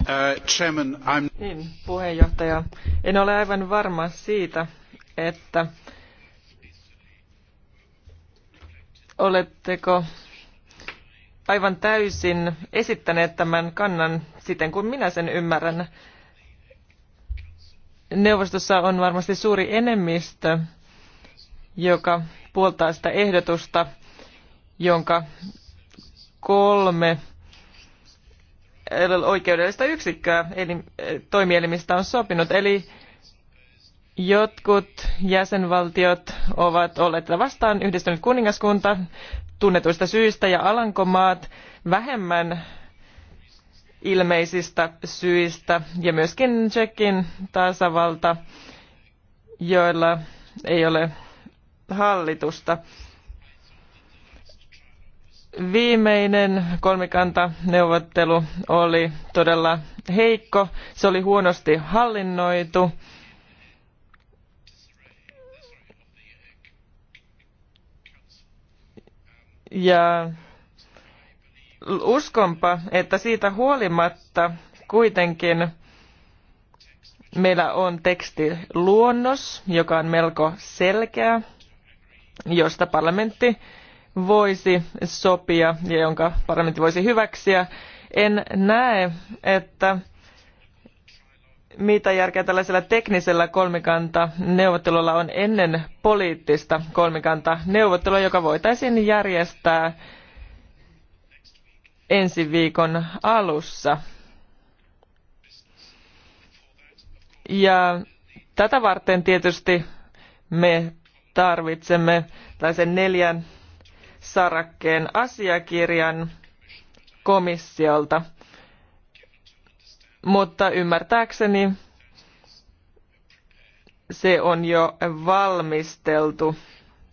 Uh, chairman, I'm... Niin, puheenjohtaja. En ole aivan varma siitä, että oletteko aivan täysin esittäneet tämän kannan siten, kun minä sen ymmärrän neuvostossa on varmasti suuri enemmistö, joka puoltaa sitä ehdotusta, jonka kolme oikeudellista yksikköä eli eh, toimielimistä on sopinut. Eli jotkut jäsenvaltiot ovat olleet vastaan, yhdistynyt kuningaskunta tunnetuista syistä ja Alankomaat vähemmän ilmeisistä syistä ja myöskin Tsekin tasavalta, joilla ei ole hallitusta. Viimeinen kolmikanta neuvottelu oli todella heikko. Se oli huonosti hallinnoitu. Ja uskonpa, että siitä huolimatta kuitenkin meillä on tekstiluonnos, joka on melko selkeä, josta parlamentti voisi sopia ja jonka parlamentti voisi hyväksyä. En näe, että mitä järkeä tällaisella teknisellä kolmikanta neuvottelulla on ennen poliittista kolmikanta neuvottelua, joka voitaisiin järjestää ensi viikon alussa. Ja tätä varten tietysti me tarvitsemme tällaisen neljän sarakkeen asiakirjan komissiolta. Mutta ymmärtääkseni se on jo valmisteltu,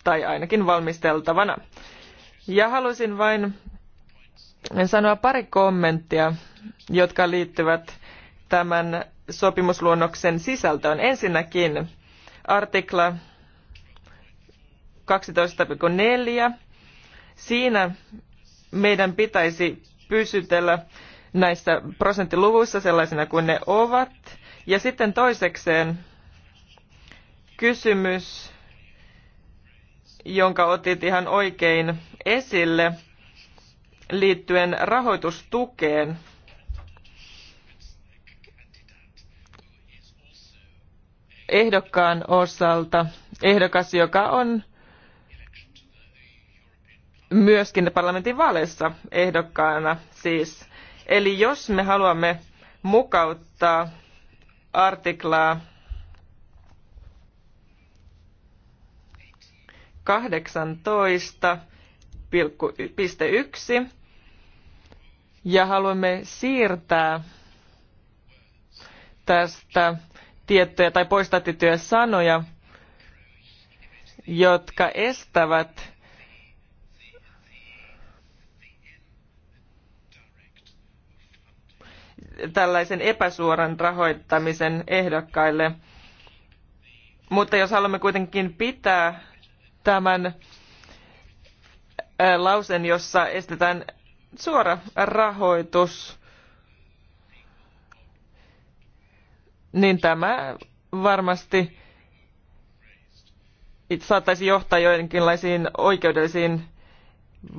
tai ainakin valmisteltavana. Ja haluaisin vain sanoa pari kommenttia, jotka liittyvät tämän sopimusluonnoksen sisältöön. Ensinnäkin artikla 12.4. Siinä meidän pitäisi pysytellä näissä prosenttiluvuissa sellaisina kuin ne ovat. Ja sitten toisekseen kysymys, jonka otit ihan oikein esille – liittyen rahoitustukeen. Ehdokkaan osalta ehdokas, joka on myöskin parlamentin vaaleissa ehdokkaana siis. Eli jos me haluamme mukauttaa artiklaa 18.1 ja haluamme siirtää tästä tiettyjä tai poistaa tiettyjä sanoja, jotka estävät tällaisen epäsuoran rahoittamisen ehdokkaille. Mutta jos haluamme kuitenkin pitää tämän lausen, jossa estetään suora rahoitus, niin tämä varmasti saattaisi johtaa joidenkinlaisiin oikeudellisiin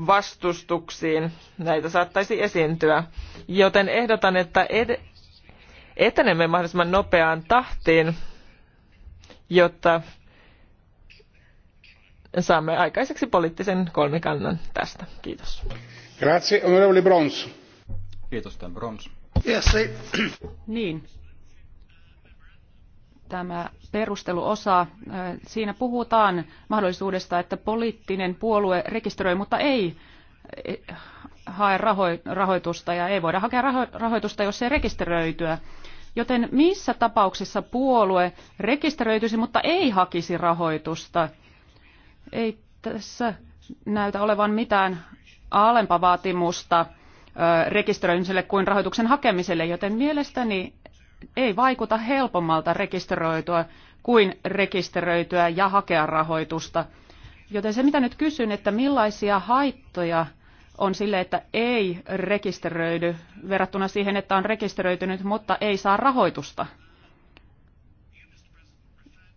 vastustuksiin. Näitä saattaisi esiintyä. Joten ehdotan, että ed- etenemme mahdollisimman nopeaan tahtiin, jotta saamme aikaiseksi poliittisen kolmikannan tästä. Kiitos. Grazie, onorevole Brons. Kiitos, tämän Brons. Yes, niin. Tämä perusteluosa, äh, siinä puhutaan mahdollisuudesta, että poliittinen puolue rekisteröi, mutta ei hae rahoitusta ja ei voida hakea rahoitusta, jos ei rekisteröityä. Joten missä tapauksissa puolue rekisteröityisi, mutta ei hakisi rahoitusta? Ei tässä näytä olevan mitään alempaa vaatimusta rekisteröimiselle kuin rahoituksen hakemiselle, joten mielestäni ei vaikuta helpommalta rekisteröityä kuin rekisteröityä ja hakea rahoitusta. Joten se, mitä nyt kysyn, että millaisia haittoja on sille, että ei rekisteröidy verrattuna siihen, että on rekisteröitynyt, mutta ei saa rahoitusta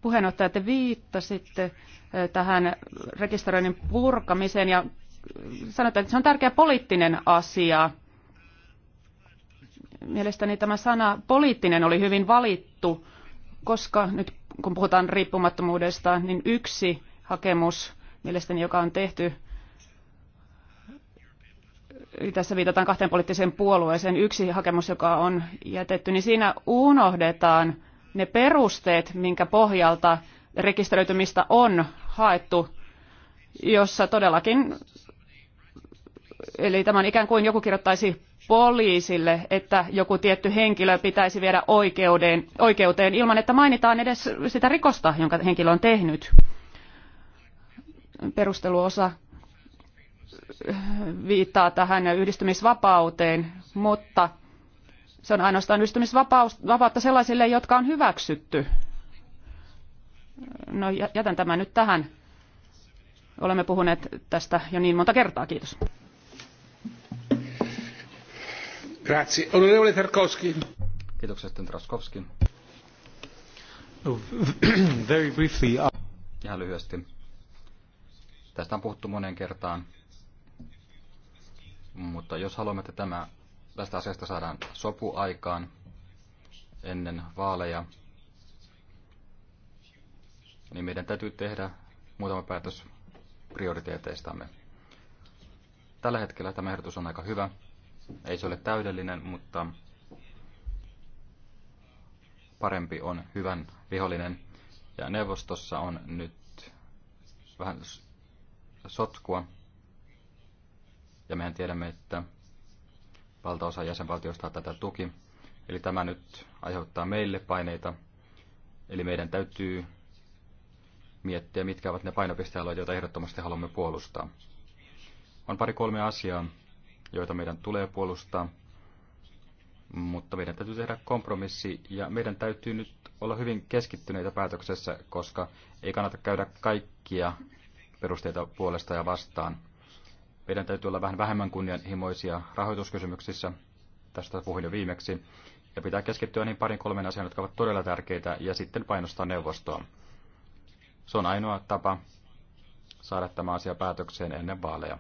puheenjohtaja, te viittasitte tähän rekisteröinnin purkamiseen ja sanotaan, että se on tärkeä poliittinen asia. Mielestäni tämä sana poliittinen oli hyvin valittu, koska nyt kun puhutaan riippumattomuudesta, niin yksi hakemus mielestäni, joka on tehty, tässä viitataan kahteen poliittiseen puolueeseen, yksi hakemus, joka on jätetty, niin siinä unohdetaan ne perusteet, minkä pohjalta rekisteröitymistä on haettu, jossa todellakin, eli tämän ikään kuin joku kirjoittaisi poliisille, että joku tietty henkilö pitäisi viedä oikeuden, oikeuteen ilman, että mainitaan edes sitä rikosta, jonka henkilö on tehnyt. Perusteluosa viittaa tähän yhdistymisvapauteen, mutta se on ainoastaan yhdistymisvapautta sellaisille, jotka on hyväksytty. No jätän tämän nyt tähän. Olemme puhuneet tästä jo niin monta kertaa. Kiitos. Grazie. Onorevole Tarkovski. Kiitoksia no, (clears throat) Very briefly. Uh, Ihan lyhyesti. Tästä on puhuttu moneen kertaan. Mutta jos haluamme, että tämä tästä asiasta saadaan sopu aikaan ennen vaaleja, niin meidän täytyy tehdä muutama päätös prioriteeteistamme. Tällä hetkellä tämä ehdotus on aika hyvä. Ei se ole täydellinen, mutta parempi on hyvän vihollinen. Ja neuvostossa on nyt vähän sotkua. Ja mehän tiedämme, että valtaosa jäsenvaltioista tätä tuki. Eli tämä nyt aiheuttaa meille paineita. Eli meidän täytyy miettiä, mitkä ovat ne painopistealueet, joita ehdottomasti haluamme puolustaa. On pari kolme asiaa, joita meidän tulee puolustaa, mutta meidän täytyy tehdä kompromissi ja meidän täytyy nyt olla hyvin keskittyneitä päätöksessä, koska ei kannata käydä kaikkia perusteita puolesta ja vastaan – meidän täytyy olla vähän vähemmän kunnianhimoisia rahoituskysymyksissä. Tästä puhuin jo viimeksi. Ja pitää keskittyä niin parin kolmen asian, jotka ovat todella tärkeitä, ja sitten painostaa neuvostoa. Se on ainoa tapa saada tämä asia päätökseen ennen vaaleja.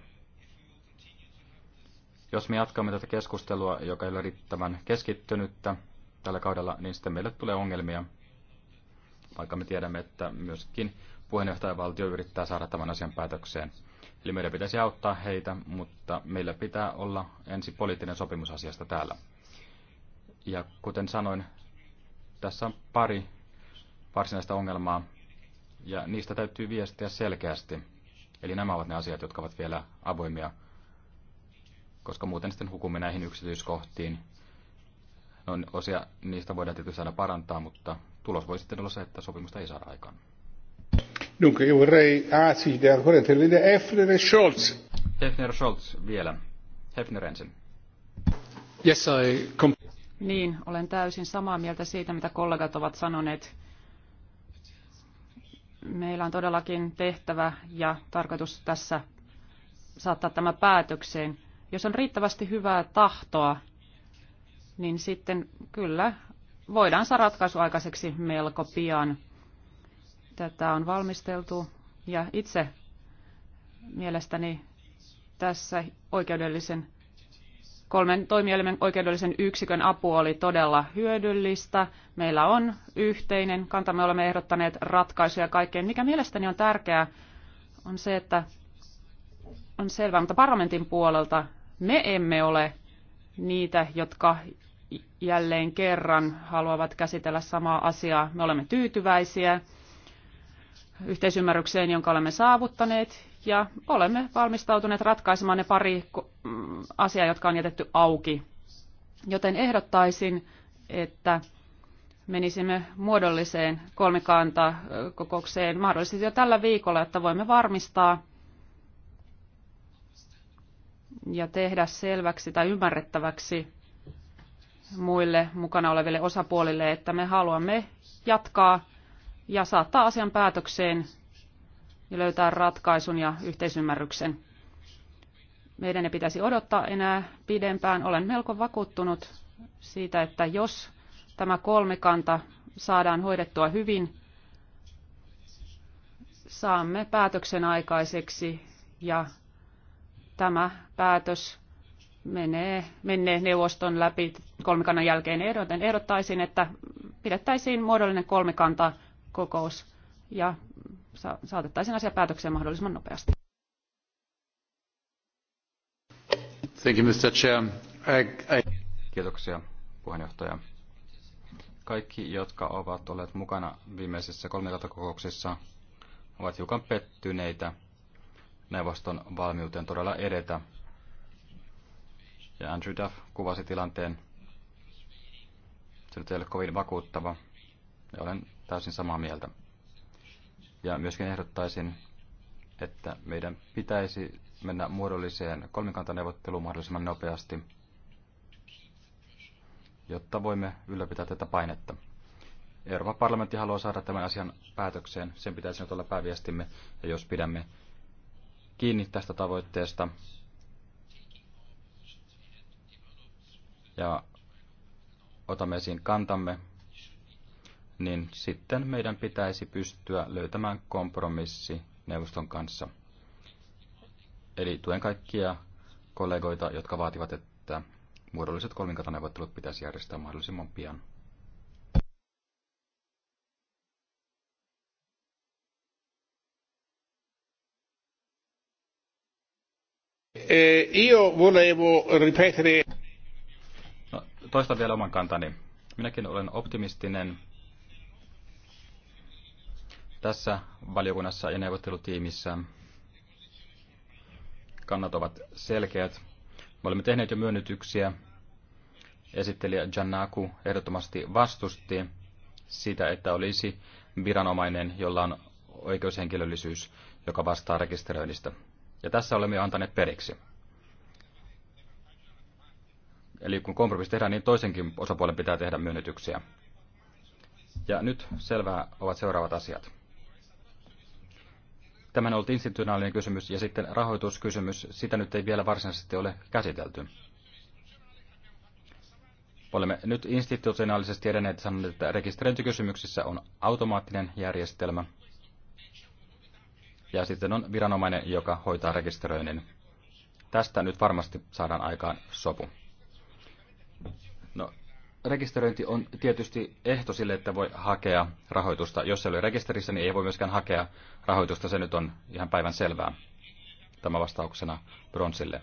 Jos me jatkamme tätä keskustelua, joka ei ole riittävän keskittynyttä tällä kaudella, niin sitten meille tulee ongelmia, vaikka me tiedämme, että myöskin puheenjohtajavaltio yrittää saada tämän asian päätökseen. Eli meidän pitäisi auttaa heitä, mutta meillä pitää olla ensi poliittinen sopimus asiasta täällä. Ja kuten sanoin, tässä on pari varsinaista ongelmaa, ja niistä täytyy viestiä selkeästi. Eli nämä ovat ne asiat, jotka ovat vielä avoimia, koska muuten sitten hukumme näihin yksityiskohtiin. No, osia niistä voidaan tietysti aina parantaa, mutta tulos voi sitten olla se, että sopimusta ei saada aikaan. Dunque, io vorrei... Ah, sì, deve ancora intervenire Hefner e Scholz. Hefner Scholz vielä. Hefner ensin. Yes, I... Niin, olen täysin samaa mieltä siitä, mitä kollegat ovat sanoneet. Meillä on todellakin tehtävä ja tarkoitus tässä saattaa tämä päätökseen. Jos on riittävästi hyvää tahtoa, niin sitten kyllä voidaan saada ratkaisu aikaiseksi melko pian – Tätä on valmisteltu ja itse mielestäni tässä oikeudellisen kolmen toimielimen oikeudellisen yksikön apu oli todella hyödyllistä. Meillä on yhteinen kanta, me olemme ehdottaneet ratkaisuja kaikkeen. Mikä mielestäni on tärkeää, on se, että on selvää, mutta parlamentin puolelta me emme ole niitä, jotka jälleen kerran haluavat käsitellä samaa asiaa. Me olemme tyytyväisiä yhteisymmärrykseen, jonka olemme saavuttaneet, ja olemme valmistautuneet ratkaisemaan ne pari mm, asiaa, jotka on jätetty auki. Joten ehdottaisin, että menisimme muodolliseen kolmikantakokoukseen mahdollisesti jo tällä viikolla, että voimme varmistaa ja tehdä selväksi tai ymmärrettäväksi muille mukana oleville osapuolille, että me haluamme jatkaa ja saattaa asian päätökseen ja löytää ratkaisun ja yhteisymmärryksen. Meidän ei pitäisi odottaa enää pidempään. Olen melko vakuuttunut siitä, että jos tämä kolmikanta saadaan hoidettua hyvin, saamme päätöksen aikaiseksi ja tämä päätös menee, menee neuvoston läpi kolmikannan jälkeen ehdoten. Ehdottaisin, että pidettäisiin muodollinen kolmikanta kokous ja saatettaisiin asia päätökseen mahdollisimman nopeasti. Thank you, Mr. Chair. I, I... Kiitoksia, puheenjohtaja. Kaikki, jotka ovat olleet mukana viimeisissä kolmikantakokouksessa, ovat hiukan pettyneitä neuvoston valmiuteen todella edetä. Ja Andrew Duff kuvasi tilanteen. Se ei ole kovin vakuuttava. Ja olen täysin samaa mieltä. Ja myöskin ehdottaisin, että meidän pitäisi mennä muodolliseen kolmikantaneuvotteluun mahdollisimman nopeasti, jotta voimme ylläpitää tätä painetta. Euroopan parlamentti haluaa saada tämän asian päätökseen. Sen pitäisi nyt olla pääviestimme, ja jos pidämme kiinni tästä tavoitteesta ja otamme esiin kantamme niin sitten meidän pitäisi pystyä löytämään kompromissi neuvoston kanssa. Eli tuen kaikkia kollegoita, jotka vaativat, että muodolliset kolminkataneuvottelut pitäisi järjestää mahdollisimman pian. Eh, io volevo ripetere... No, toistan vielä oman kantani. Minäkin olen optimistinen tässä valiokunnassa ja neuvottelutiimissä kannat ovat selkeät. Me olemme tehneet jo myönnytyksiä. Esittelijä Jannaku ehdottomasti vastusti sitä, että olisi viranomainen, jolla on oikeushenkilöllisyys, joka vastaa rekisteröinnistä. Ja tässä olemme jo antaneet periksi. Eli kun kompromissi tehdään, niin toisenkin osapuolen pitää tehdä myönnytyksiä. Ja nyt selvää ovat seuraavat asiat. Tämä on ollut institutionaalinen kysymys ja sitten rahoituskysymys. Sitä nyt ei vielä varsinaisesti ole käsitelty. Olemme nyt institutionaalisesti edenneet sanoneet, että rekisteröintikysymyksissä on automaattinen järjestelmä. Ja sitten on viranomainen, joka hoitaa rekisteröinnin. Tästä nyt varmasti saadaan aikaan sopu rekisteröinti on tietysti ehto sille, että voi hakea rahoitusta. Jos se ei ole rekisterissä, niin ei voi myöskään hakea rahoitusta. Se nyt on ihan päivän selvää. Tämä vastauksena Bronsille.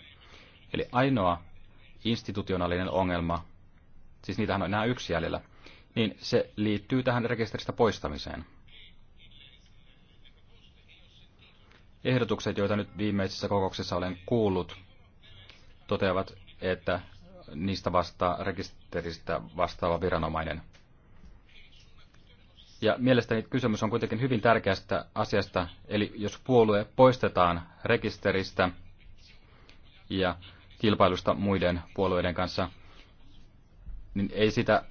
Eli ainoa institutionaalinen ongelma, siis niitähän on enää yksi jäljellä, niin se liittyy tähän rekisteristä poistamiseen. Ehdotukset, joita nyt viimeisissä kokouksissa olen kuullut, toteavat, että niistä vastaa rekisteristä vastaava viranomainen. Ja mielestäni kysymys on kuitenkin hyvin tärkeästä asiasta, eli jos puolue poistetaan rekisteristä ja kilpailusta muiden puolueiden kanssa, niin ei, sitä,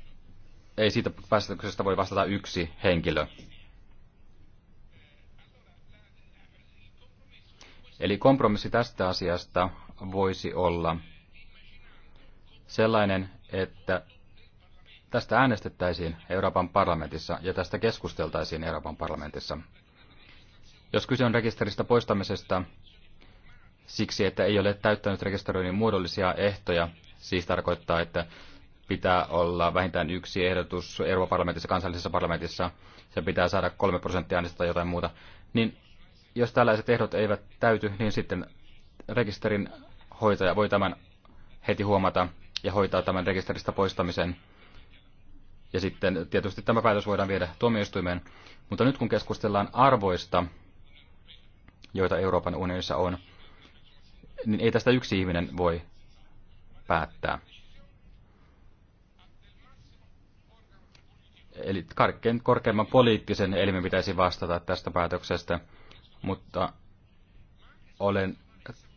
ei siitä päästöksestä voi vastata yksi henkilö. Eli kompromissi tästä asiasta voisi olla – sellainen, että tästä äänestettäisiin Euroopan parlamentissa ja tästä keskusteltaisiin Euroopan parlamentissa. Jos kyse on rekisteristä poistamisesta siksi, että ei ole täyttänyt rekisteröinnin muodollisia ehtoja, siis tarkoittaa, että pitää olla vähintään yksi ehdotus Euroopan parlamentissa, kansallisessa parlamentissa, se pitää saada kolme prosenttia äänestä tai jotain muuta, niin jos tällaiset ehdot eivät täyty, niin sitten rekisterin hoitaja voi tämän heti huomata ja hoitaa tämän rekisteristä poistamisen. Ja sitten tietysti tämä päätös voidaan viedä tuomioistuimeen. Mutta nyt kun keskustellaan arvoista, joita Euroopan unionissa on, niin ei tästä yksi ihminen voi päättää. Eli kaikkein korkeimman poliittisen elimen pitäisi vastata tästä päätöksestä, mutta olen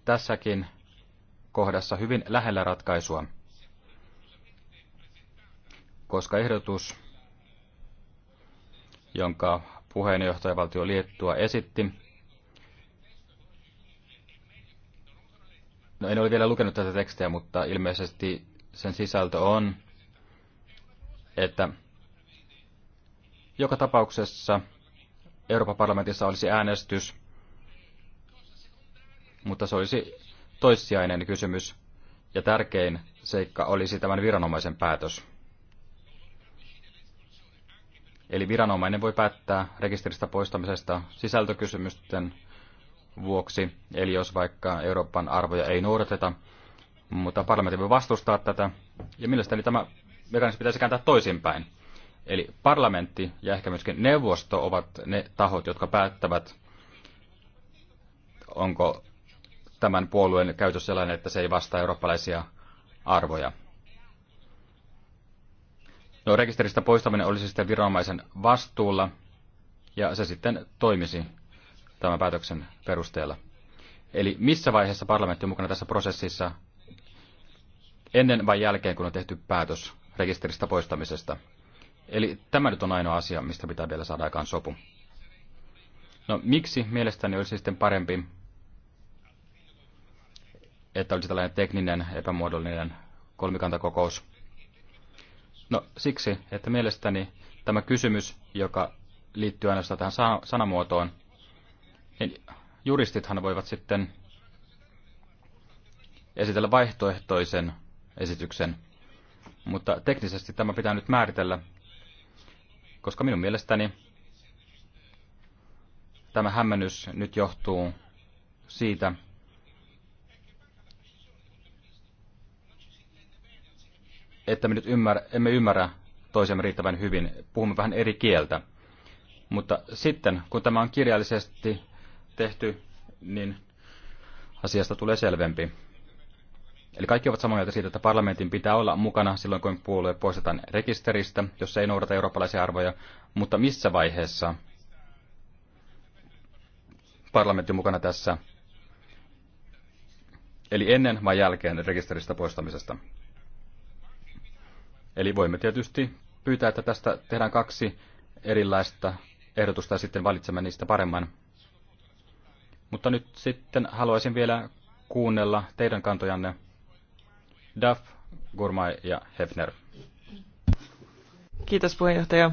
tässäkin kohdassa hyvin lähellä ratkaisua koska ehdotus, jonka puheenjohtajavaltio Liettua esitti, No en ole vielä lukenut tätä tekstiä, mutta ilmeisesti sen sisältö on, että joka tapauksessa Euroopan parlamentissa olisi äänestys, mutta se olisi toissijainen kysymys ja tärkein seikka olisi tämän viranomaisen päätös. Eli viranomainen voi päättää rekisteristä poistamisesta sisältökysymysten vuoksi, eli jos vaikka Euroopan arvoja ei noudateta, mutta parlamentti voi vastustaa tätä, ja mielestäni tämä mekanismi pitäisi kääntää toisinpäin. Eli parlamentti ja ehkä myöskin neuvosto ovat ne tahot, jotka päättävät, onko tämän puolueen käytös sellainen, että se ei vastaa eurooppalaisia arvoja. No, rekisteristä poistaminen olisi sitten viranomaisen vastuulla ja se sitten toimisi tämän päätöksen perusteella. Eli missä vaiheessa parlamentti on mukana tässä prosessissa, ennen vai jälkeen, kun on tehty päätös rekisteristä poistamisesta? Eli tämä nyt on ainoa asia, mistä pitää vielä saada aikaan sopu. No miksi mielestäni olisi sitten parempi, että olisi tällainen tekninen, epämuodollinen kolmikantakokous – No siksi, että mielestäni tämä kysymys, joka liittyy ainoastaan tähän sanamuotoon, niin juristithan voivat sitten esitellä vaihtoehtoisen esityksen, mutta teknisesti tämä pitää nyt määritellä, koska minun mielestäni tämä hämmennys nyt johtuu siitä, että me nyt ymmärrä, emme ymmärrä toisemme riittävän hyvin, puhumme vähän eri kieltä. Mutta sitten, kun tämä on kirjallisesti tehty, niin asiasta tulee selvempi. Eli kaikki ovat samaa mieltä siitä, että parlamentin pitää olla mukana silloin, kun puolue poistetaan rekisteristä, jos se ei noudata eurooppalaisia arvoja, mutta missä vaiheessa parlamentti on mukana tässä? Eli ennen vai jälkeen rekisteristä poistamisesta? Eli voimme tietysti pyytää, että tästä tehdään kaksi erilaista ehdotusta ja sitten valitsemme niistä paremman. Mutta nyt sitten haluaisin vielä kuunnella teidän kantojanne. Duff, Gurmai ja Hefner. Kiitos puheenjohtaja.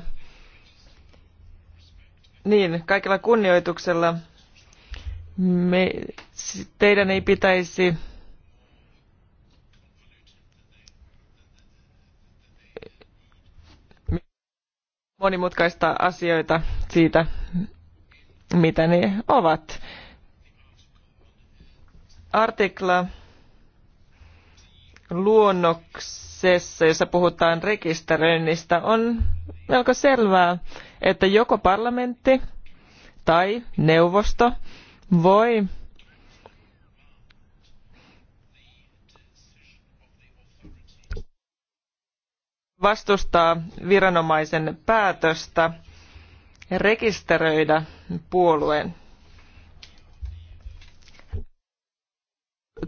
Niin, kaikilla kunnioituksella me, teidän ei pitäisi monimutkaistaa asioita siitä, mitä ne ovat. Artikla luonnoksessa, jossa puhutaan rekisteröinnistä, on melko selvää, että joko parlamentti tai neuvosto voi vastustaa viranomaisen päätöstä rekisteröidä puolueen.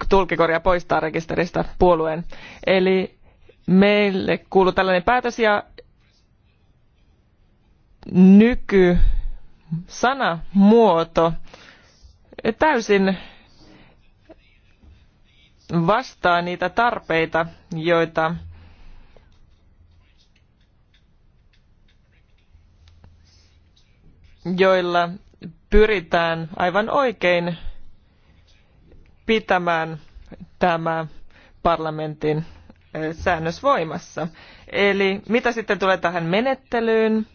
Tulkikorja poistaa rekisteristä puolueen. Eli meille kuuluu tällainen päätös ja nyky sana muoto täysin vastaa niitä tarpeita, joita joilla pyritään aivan oikein pitämään tämä parlamentin säännös voimassa. Eli mitä sitten tulee tähän menettelyyn?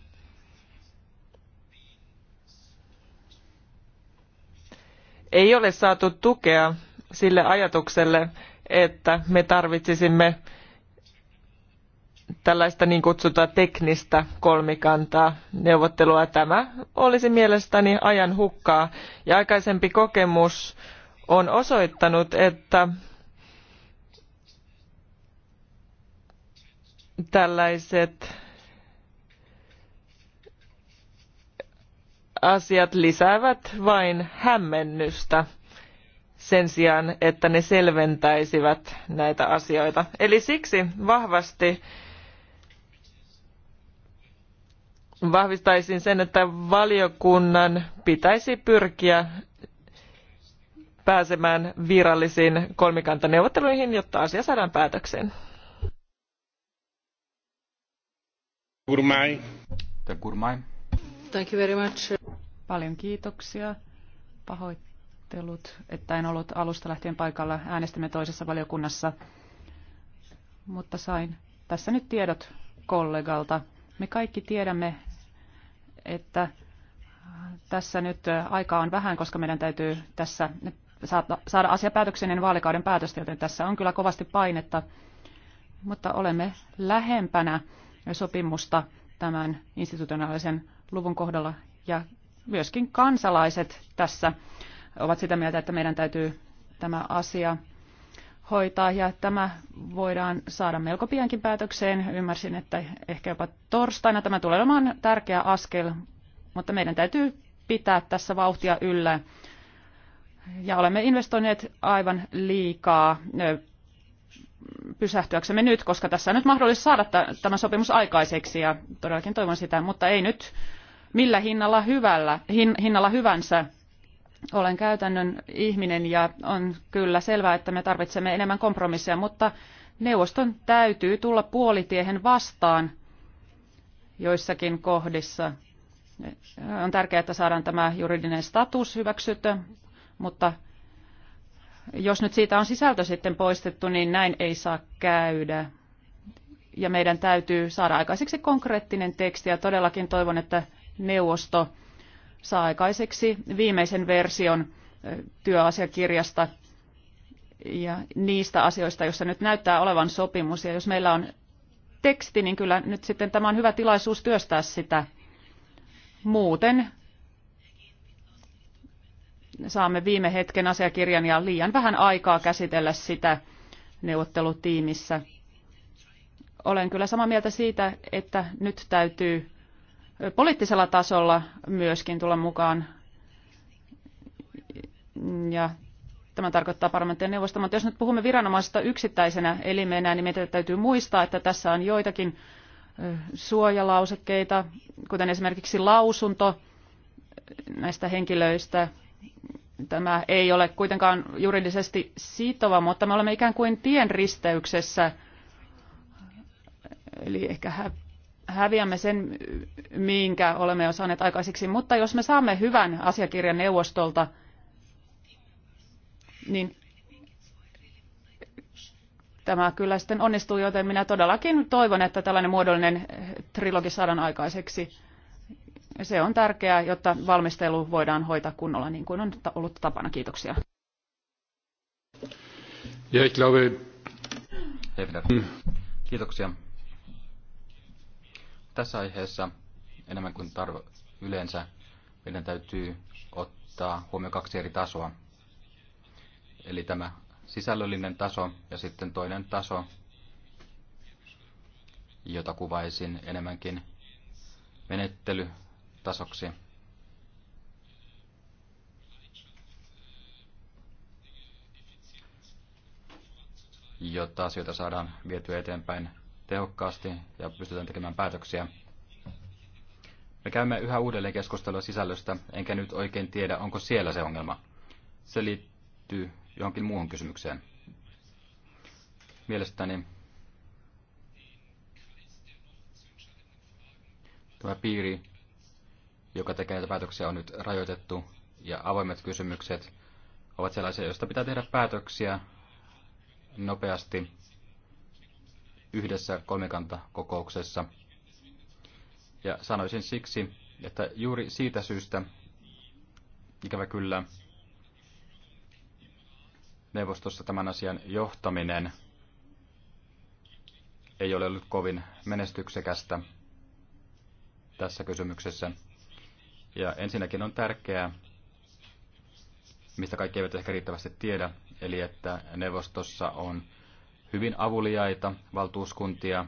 Ei ole saatu tukea sille ajatukselle, että me tarvitsisimme tällaista niin kutsuta teknistä kolmikantaa neuvottelua. Tämä olisi mielestäni ajan hukkaa ja aikaisempi kokemus on osoittanut, että tällaiset asiat lisäävät vain hämmennystä sen sijaan, että ne selventäisivät näitä asioita. Eli siksi vahvasti vahvistaisin sen, että valiokunnan pitäisi pyrkiä pääsemään virallisiin kolmikantaneuvotteluihin, jotta asia saadaan päätökseen. Kurmai. Kurmai. Thank you very much. Paljon kiitoksia. Pahoittelut, että en ollut alusta lähtien paikalla. Äänestimme toisessa valiokunnassa, mutta sain tässä nyt tiedot kollegalta. Me kaikki tiedämme, että tässä nyt aikaa on vähän, koska meidän täytyy tässä saada asia ennen vaalikauden päätöstä, joten tässä on kyllä kovasti painetta, mutta olemme lähempänä sopimusta tämän institutionaalisen luvun kohdalla ja myöskin kansalaiset tässä ovat sitä mieltä, että meidän täytyy tämä asia hoitaa ja tämä voidaan saada melko piankin päätökseen. Ymmärsin, että ehkä jopa torstaina tämä tulee olemaan tärkeä askel, mutta meidän täytyy pitää tässä vauhtia yllä. Ja olemme investoineet aivan liikaa pysähtyäksemme nyt, koska tässä on nyt mahdollista saada tämä sopimus aikaiseksi ja todellakin toivon sitä, mutta ei nyt millä hinnalla, hyvällä, hin, hinnalla hyvänsä olen käytännön ihminen ja on kyllä selvää, että me tarvitsemme enemmän kompromisseja, mutta neuvoston täytyy tulla puolitiehen vastaan joissakin kohdissa. On tärkeää, että saadaan tämä juridinen status hyväksytty, mutta jos nyt siitä on sisältö sitten poistettu, niin näin ei saa käydä. Ja meidän täytyy saada aikaiseksi konkreettinen teksti ja todellakin toivon, että neuvosto saa aikaiseksi viimeisen version työasiakirjasta ja niistä asioista, joissa nyt näyttää olevan sopimus. Ja jos meillä on teksti, niin kyllä nyt sitten tämä on hyvä tilaisuus työstää sitä. Muuten saamme viime hetken asiakirjan ja liian vähän aikaa käsitellä sitä neuvottelutiimissä. Olen kyllä samaa mieltä siitä, että nyt täytyy poliittisella tasolla myöskin tulla mukaan. Ja tämä tarkoittaa parlamenttien neuvosta. Mutta jos nyt puhumme viranomaisesta yksittäisenä elimenä, niin meidän täytyy muistaa, että tässä on joitakin suojalausekkeita, kuten esimerkiksi lausunto näistä henkilöistä. Tämä ei ole kuitenkaan juridisesti sitova, mutta me olemme ikään kuin tien risteyksessä, eli ehkä häviämme sen, minkä olemme jo saaneet aikaiseksi. Mutta jos me saamme hyvän asiakirjan neuvostolta, niin tämä kyllä sitten onnistuu, joten minä todellakin toivon, että tällainen muodollinen trilogi saadaan aikaiseksi. Se on tärkeää, jotta valmistelu voidaan hoitaa kunnolla, niin kuin on ollut tapana. Kiitoksia. Ja, ich glaube... Kiitoksia. Tässä aiheessa enemmän kuin tarve yleensä meidän täytyy ottaa huomioon kaksi eri tasoa. Eli tämä sisällöllinen taso ja sitten toinen taso, jota kuvaisin enemmänkin menettelytasoksi. jotta asioita saadaan vietyä eteenpäin tehokkaasti ja pystytään tekemään päätöksiä. Me käymme yhä uudelleen keskustelua sisällöstä, enkä nyt oikein tiedä, onko siellä se ongelma. Se liittyy johonkin muuhun kysymykseen. Mielestäni tämä piiri, joka tekee näitä päätöksiä, on nyt rajoitettu, ja avoimet kysymykset ovat sellaisia, joista pitää tehdä päätöksiä nopeasti yhdessä kolmikantakokouksessa. Ja sanoisin siksi, että juuri siitä syystä, ikävä kyllä, neuvostossa tämän asian johtaminen ei ole ollut kovin menestyksekästä tässä kysymyksessä. Ja ensinnäkin on tärkeää, mistä kaikki eivät ehkä riittävästi tiedä, eli että neuvostossa on hyvin avuliaita valtuuskuntia,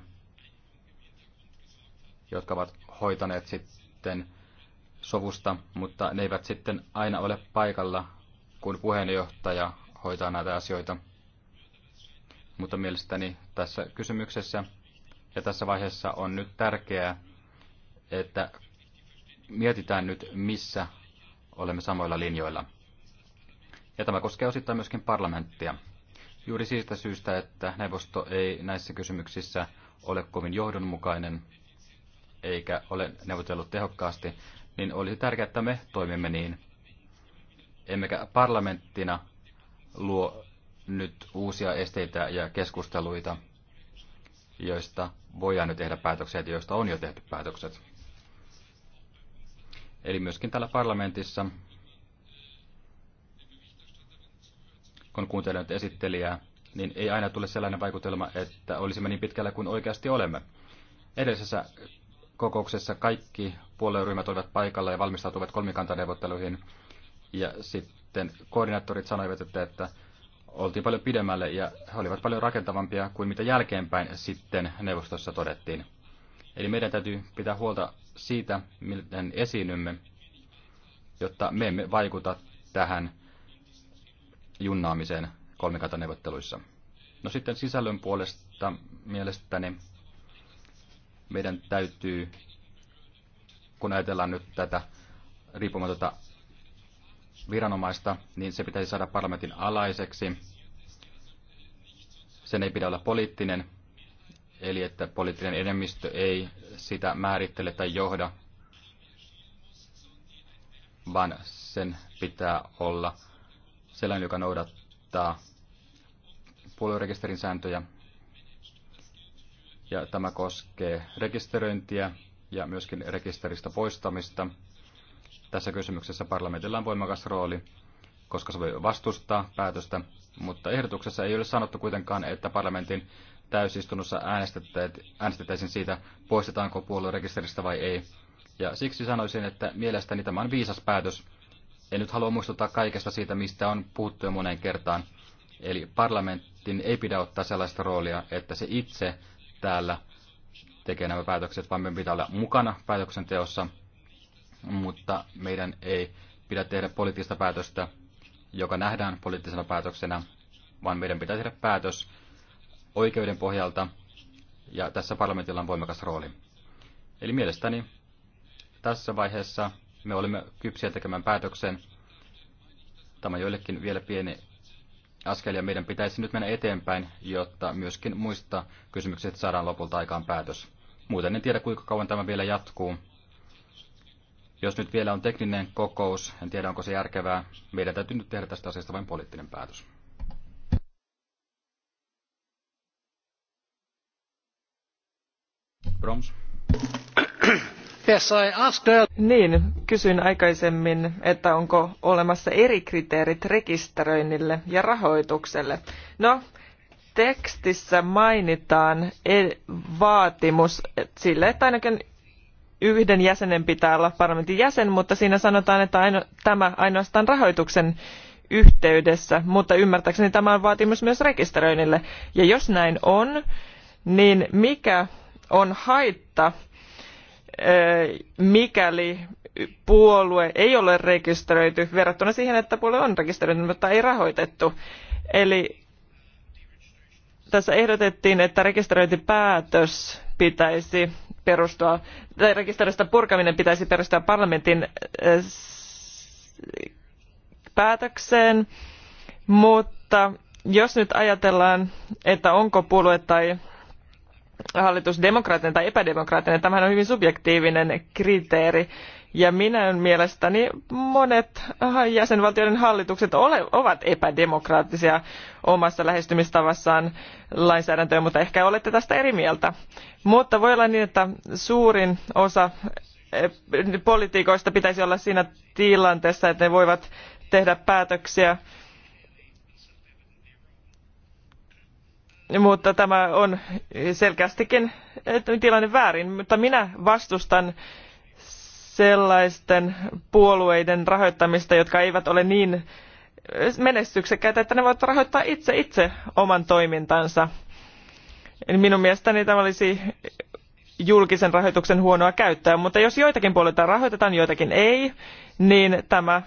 jotka ovat hoitaneet sitten sovusta, mutta ne eivät sitten aina ole paikalla, kun puheenjohtaja hoitaa näitä asioita. Mutta mielestäni tässä kysymyksessä ja tässä vaiheessa on nyt tärkeää, että mietitään nyt, missä olemme samoilla linjoilla. Ja tämä koskee osittain myöskin parlamenttia juuri siitä syystä, että neuvosto ei näissä kysymyksissä ole kovin johdonmukainen eikä ole neuvotellut tehokkaasti, niin olisi tärkeää, että me toimimme niin. Emmekä parlamenttina luo nyt uusia esteitä ja keskusteluita, joista voidaan nyt tehdä päätöksiä ja joista on jo tehty päätökset. Eli myöskin täällä parlamentissa kun kuuntelen nyt esittelijää, niin ei aina tule sellainen vaikutelma, että olisimme niin pitkällä kuin oikeasti olemme. Edellisessä kokouksessa kaikki puolueryhmät olivat paikalla ja valmistautuivat kolmikantaneuvotteluihin. Ja sitten koordinaattorit sanoivat, että, että oltiin paljon pidemmälle ja he olivat paljon rakentavampia kuin mitä jälkeenpäin sitten neuvostossa todettiin. Eli meidän täytyy pitää huolta siitä, miten esiinnymme, jotta me emme vaikuta tähän junnaamiseen kolmikantaneuvotteluissa. No sitten sisällön puolesta mielestäni meidän täytyy, kun ajatellaan nyt tätä riippumatonta viranomaista, niin se pitäisi saada parlamentin alaiseksi. Sen ei pidä olla poliittinen, eli että poliittinen enemmistö ei sitä määrittele tai johda, vaan sen pitää olla sellainen, joka noudattaa puoluerekisterin sääntöjä. Ja tämä koskee rekisteröintiä ja myöskin rekisteristä poistamista. Tässä kysymyksessä parlamentilla on voimakas rooli, koska se voi vastustaa päätöstä, mutta ehdotuksessa ei ole sanottu kuitenkaan, että parlamentin täysistunnossa äänestettäisiin siitä, poistetaanko puoluerekisteristä vai ei. Ja siksi sanoisin, että mielestäni tämä on viisas päätös, en nyt halua muistuttaa kaikesta siitä, mistä on puhuttu jo moneen kertaan. Eli parlamentin ei pidä ottaa sellaista roolia, että se itse täällä tekee nämä päätökset, vaan meidän pitää olla mukana päätöksenteossa, mutta meidän ei pidä tehdä poliittista päätöstä, joka nähdään poliittisena päätöksenä, vaan meidän pitää tehdä päätös oikeuden pohjalta, ja tässä parlamentilla on voimakas rooli. Eli mielestäni tässä vaiheessa me olemme kypsiä tekemään päätöksen. Tämä on joillekin vielä pieni askel ja meidän pitäisi nyt mennä eteenpäin, jotta myöskin muista kysymykset saadaan lopulta aikaan päätös. Muuten en tiedä, kuinka kauan tämä vielä jatkuu. Jos nyt vielä on tekninen kokous, en tiedä onko se järkevää. Meidän täytyy nyt tehdä tästä asiasta vain poliittinen päätös. Broms. Yes, I asked... Niin, kysyin aikaisemmin, että onko olemassa eri kriteerit rekisteröinnille ja rahoitukselle. No, tekstissä mainitaan e- vaatimus sille, että ainakin yhden jäsenen pitää olla parlamentin jäsen, mutta siinä sanotaan, että aino, tämä ainoastaan rahoituksen yhteydessä, mutta ymmärtääkseni tämä on vaatimus myös rekisteröinnille. Ja jos näin on, niin mikä on haitta mikäli puolue ei ole rekisteröity verrattuna siihen, että puolue on rekisteröity, mutta ei rahoitettu. Eli tässä ehdotettiin, että rekisteröintipäätös pitäisi perustua, tai rekisteröistä purkaminen pitäisi perustua parlamentin päätökseen, mutta jos nyt ajatellaan, että onko puolue tai hallitus demokraattinen tai epädemokraattinen, tämähän on hyvin subjektiivinen kriteeri. Ja minä mielestäni monet jäsenvaltioiden hallitukset ole, ovat epädemokraattisia omassa lähestymistavassaan lainsäädäntöön, mutta ehkä olette tästä eri mieltä. Mutta voi olla niin, että suurin osa eh, poliitikoista pitäisi olla siinä tilanteessa, että ne voivat tehdä päätöksiä mutta tämä on selkeästikin tilanne väärin mutta minä vastustan sellaisten puolueiden rahoittamista jotka eivät ole niin menestyksekkäitä että ne voivat rahoittaa itse itse oman toimintansa. minun mielestäni tämä olisi julkisen rahoituksen huonoa käyttöä mutta jos joitakin puolueita rahoitetaan joitakin ei niin tämä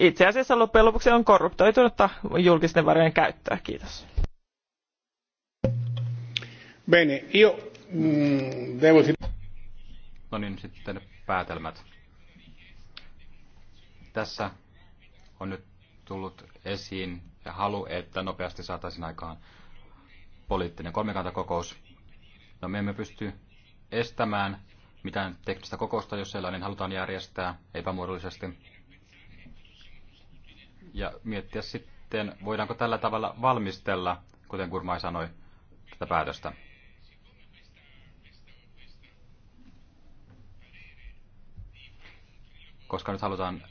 itse asiassa loppujen lopuksi on korruptoitunutta julkisten varojen käyttöä. Kiitos. Bene, io mm, devo... No niin, sitten päätelmät. Tässä on nyt tullut esiin ja halu, että nopeasti saataisiin aikaan poliittinen kolmikantakokous. No me emme pysty estämään mitään teknistä kokousta, jos sellainen halutaan järjestää epämuodollisesti ja miettiä sitten, voidaanko tällä tavalla valmistella, kuten Kurmai sanoi, tätä päätöstä. Koska nyt halutaan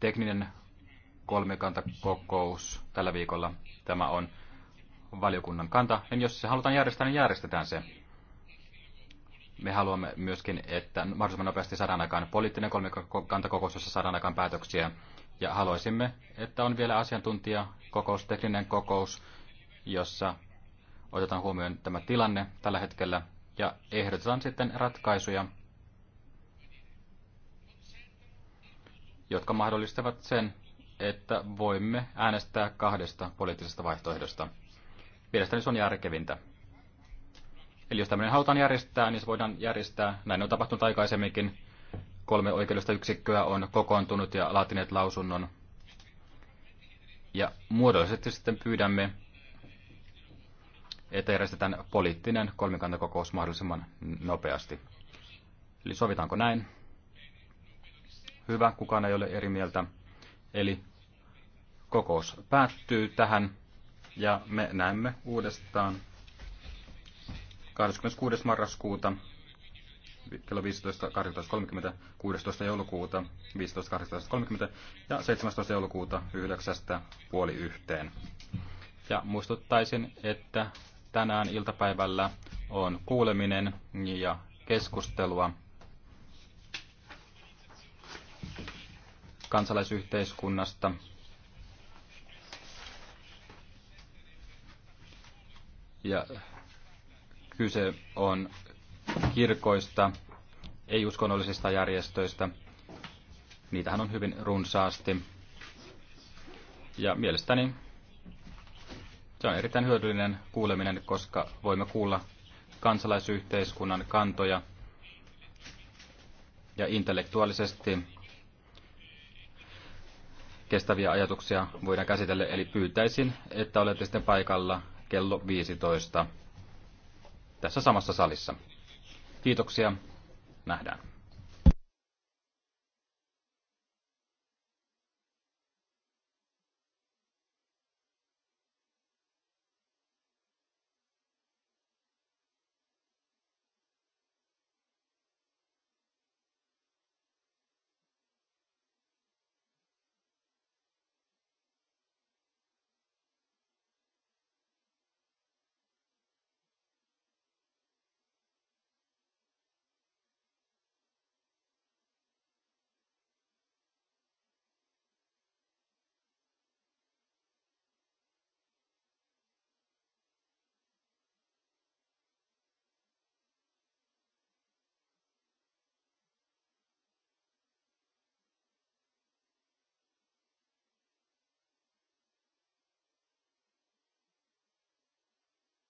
tekninen kolmikantakokous tällä viikolla, tämä on valiokunnan kanta, niin jos se halutaan järjestää, niin järjestetään se. Me haluamme myöskin, että mahdollisimman nopeasti saadaan aikaan poliittinen kolmikantakokous, jossa saadaan aikaan päätöksiä ja haluaisimme, että on vielä kokous, tekninen kokous, jossa otetaan huomioon tämä tilanne tällä hetkellä ja ehdotetaan sitten ratkaisuja, jotka mahdollistavat sen, että voimme äänestää kahdesta poliittisesta vaihtoehdosta. Mielestäni se on järkevintä. Eli jos tämmöinen halutaan järjestää, niin se voidaan järjestää. Näin on tapahtunut aikaisemminkin kolme oikeudellista yksikköä on kokoontunut ja laatineet lausunnon. Ja muodollisesti sitten pyydämme, että järjestetään poliittinen kolmikantakokous mahdollisimman nopeasti. Eli sovitaanko näin? Hyvä, kukaan ei ole eri mieltä. Eli kokous päättyy tähän ja me näemme uudestaan 26. marraskuuta kello 15.18.30, 16. joulukuuta 15.18.30 ja 17. joulukuuta 9.30. Ja muistuttaisin, että tänään iltapäivällä on kuuleminen ja keskustelua kansalaisyhteiskunnasta. Ja kyse on kirkoista, ei-uskonnollisista järjestöistä. Niitähän on hyvin runsaasti. Ja mielestäni se on erittäin hyödyllinen kuuleminen, koska voimme kuulla kansalaisyhteiskunnan kantoja ja intellektuaalisesti kestäviä ajatuksia voidaan käsitellä. Eli pyytäisin, että olette sitten paikalla kello 15 tässä samassa salissa. Kiitoksia. Nähdään.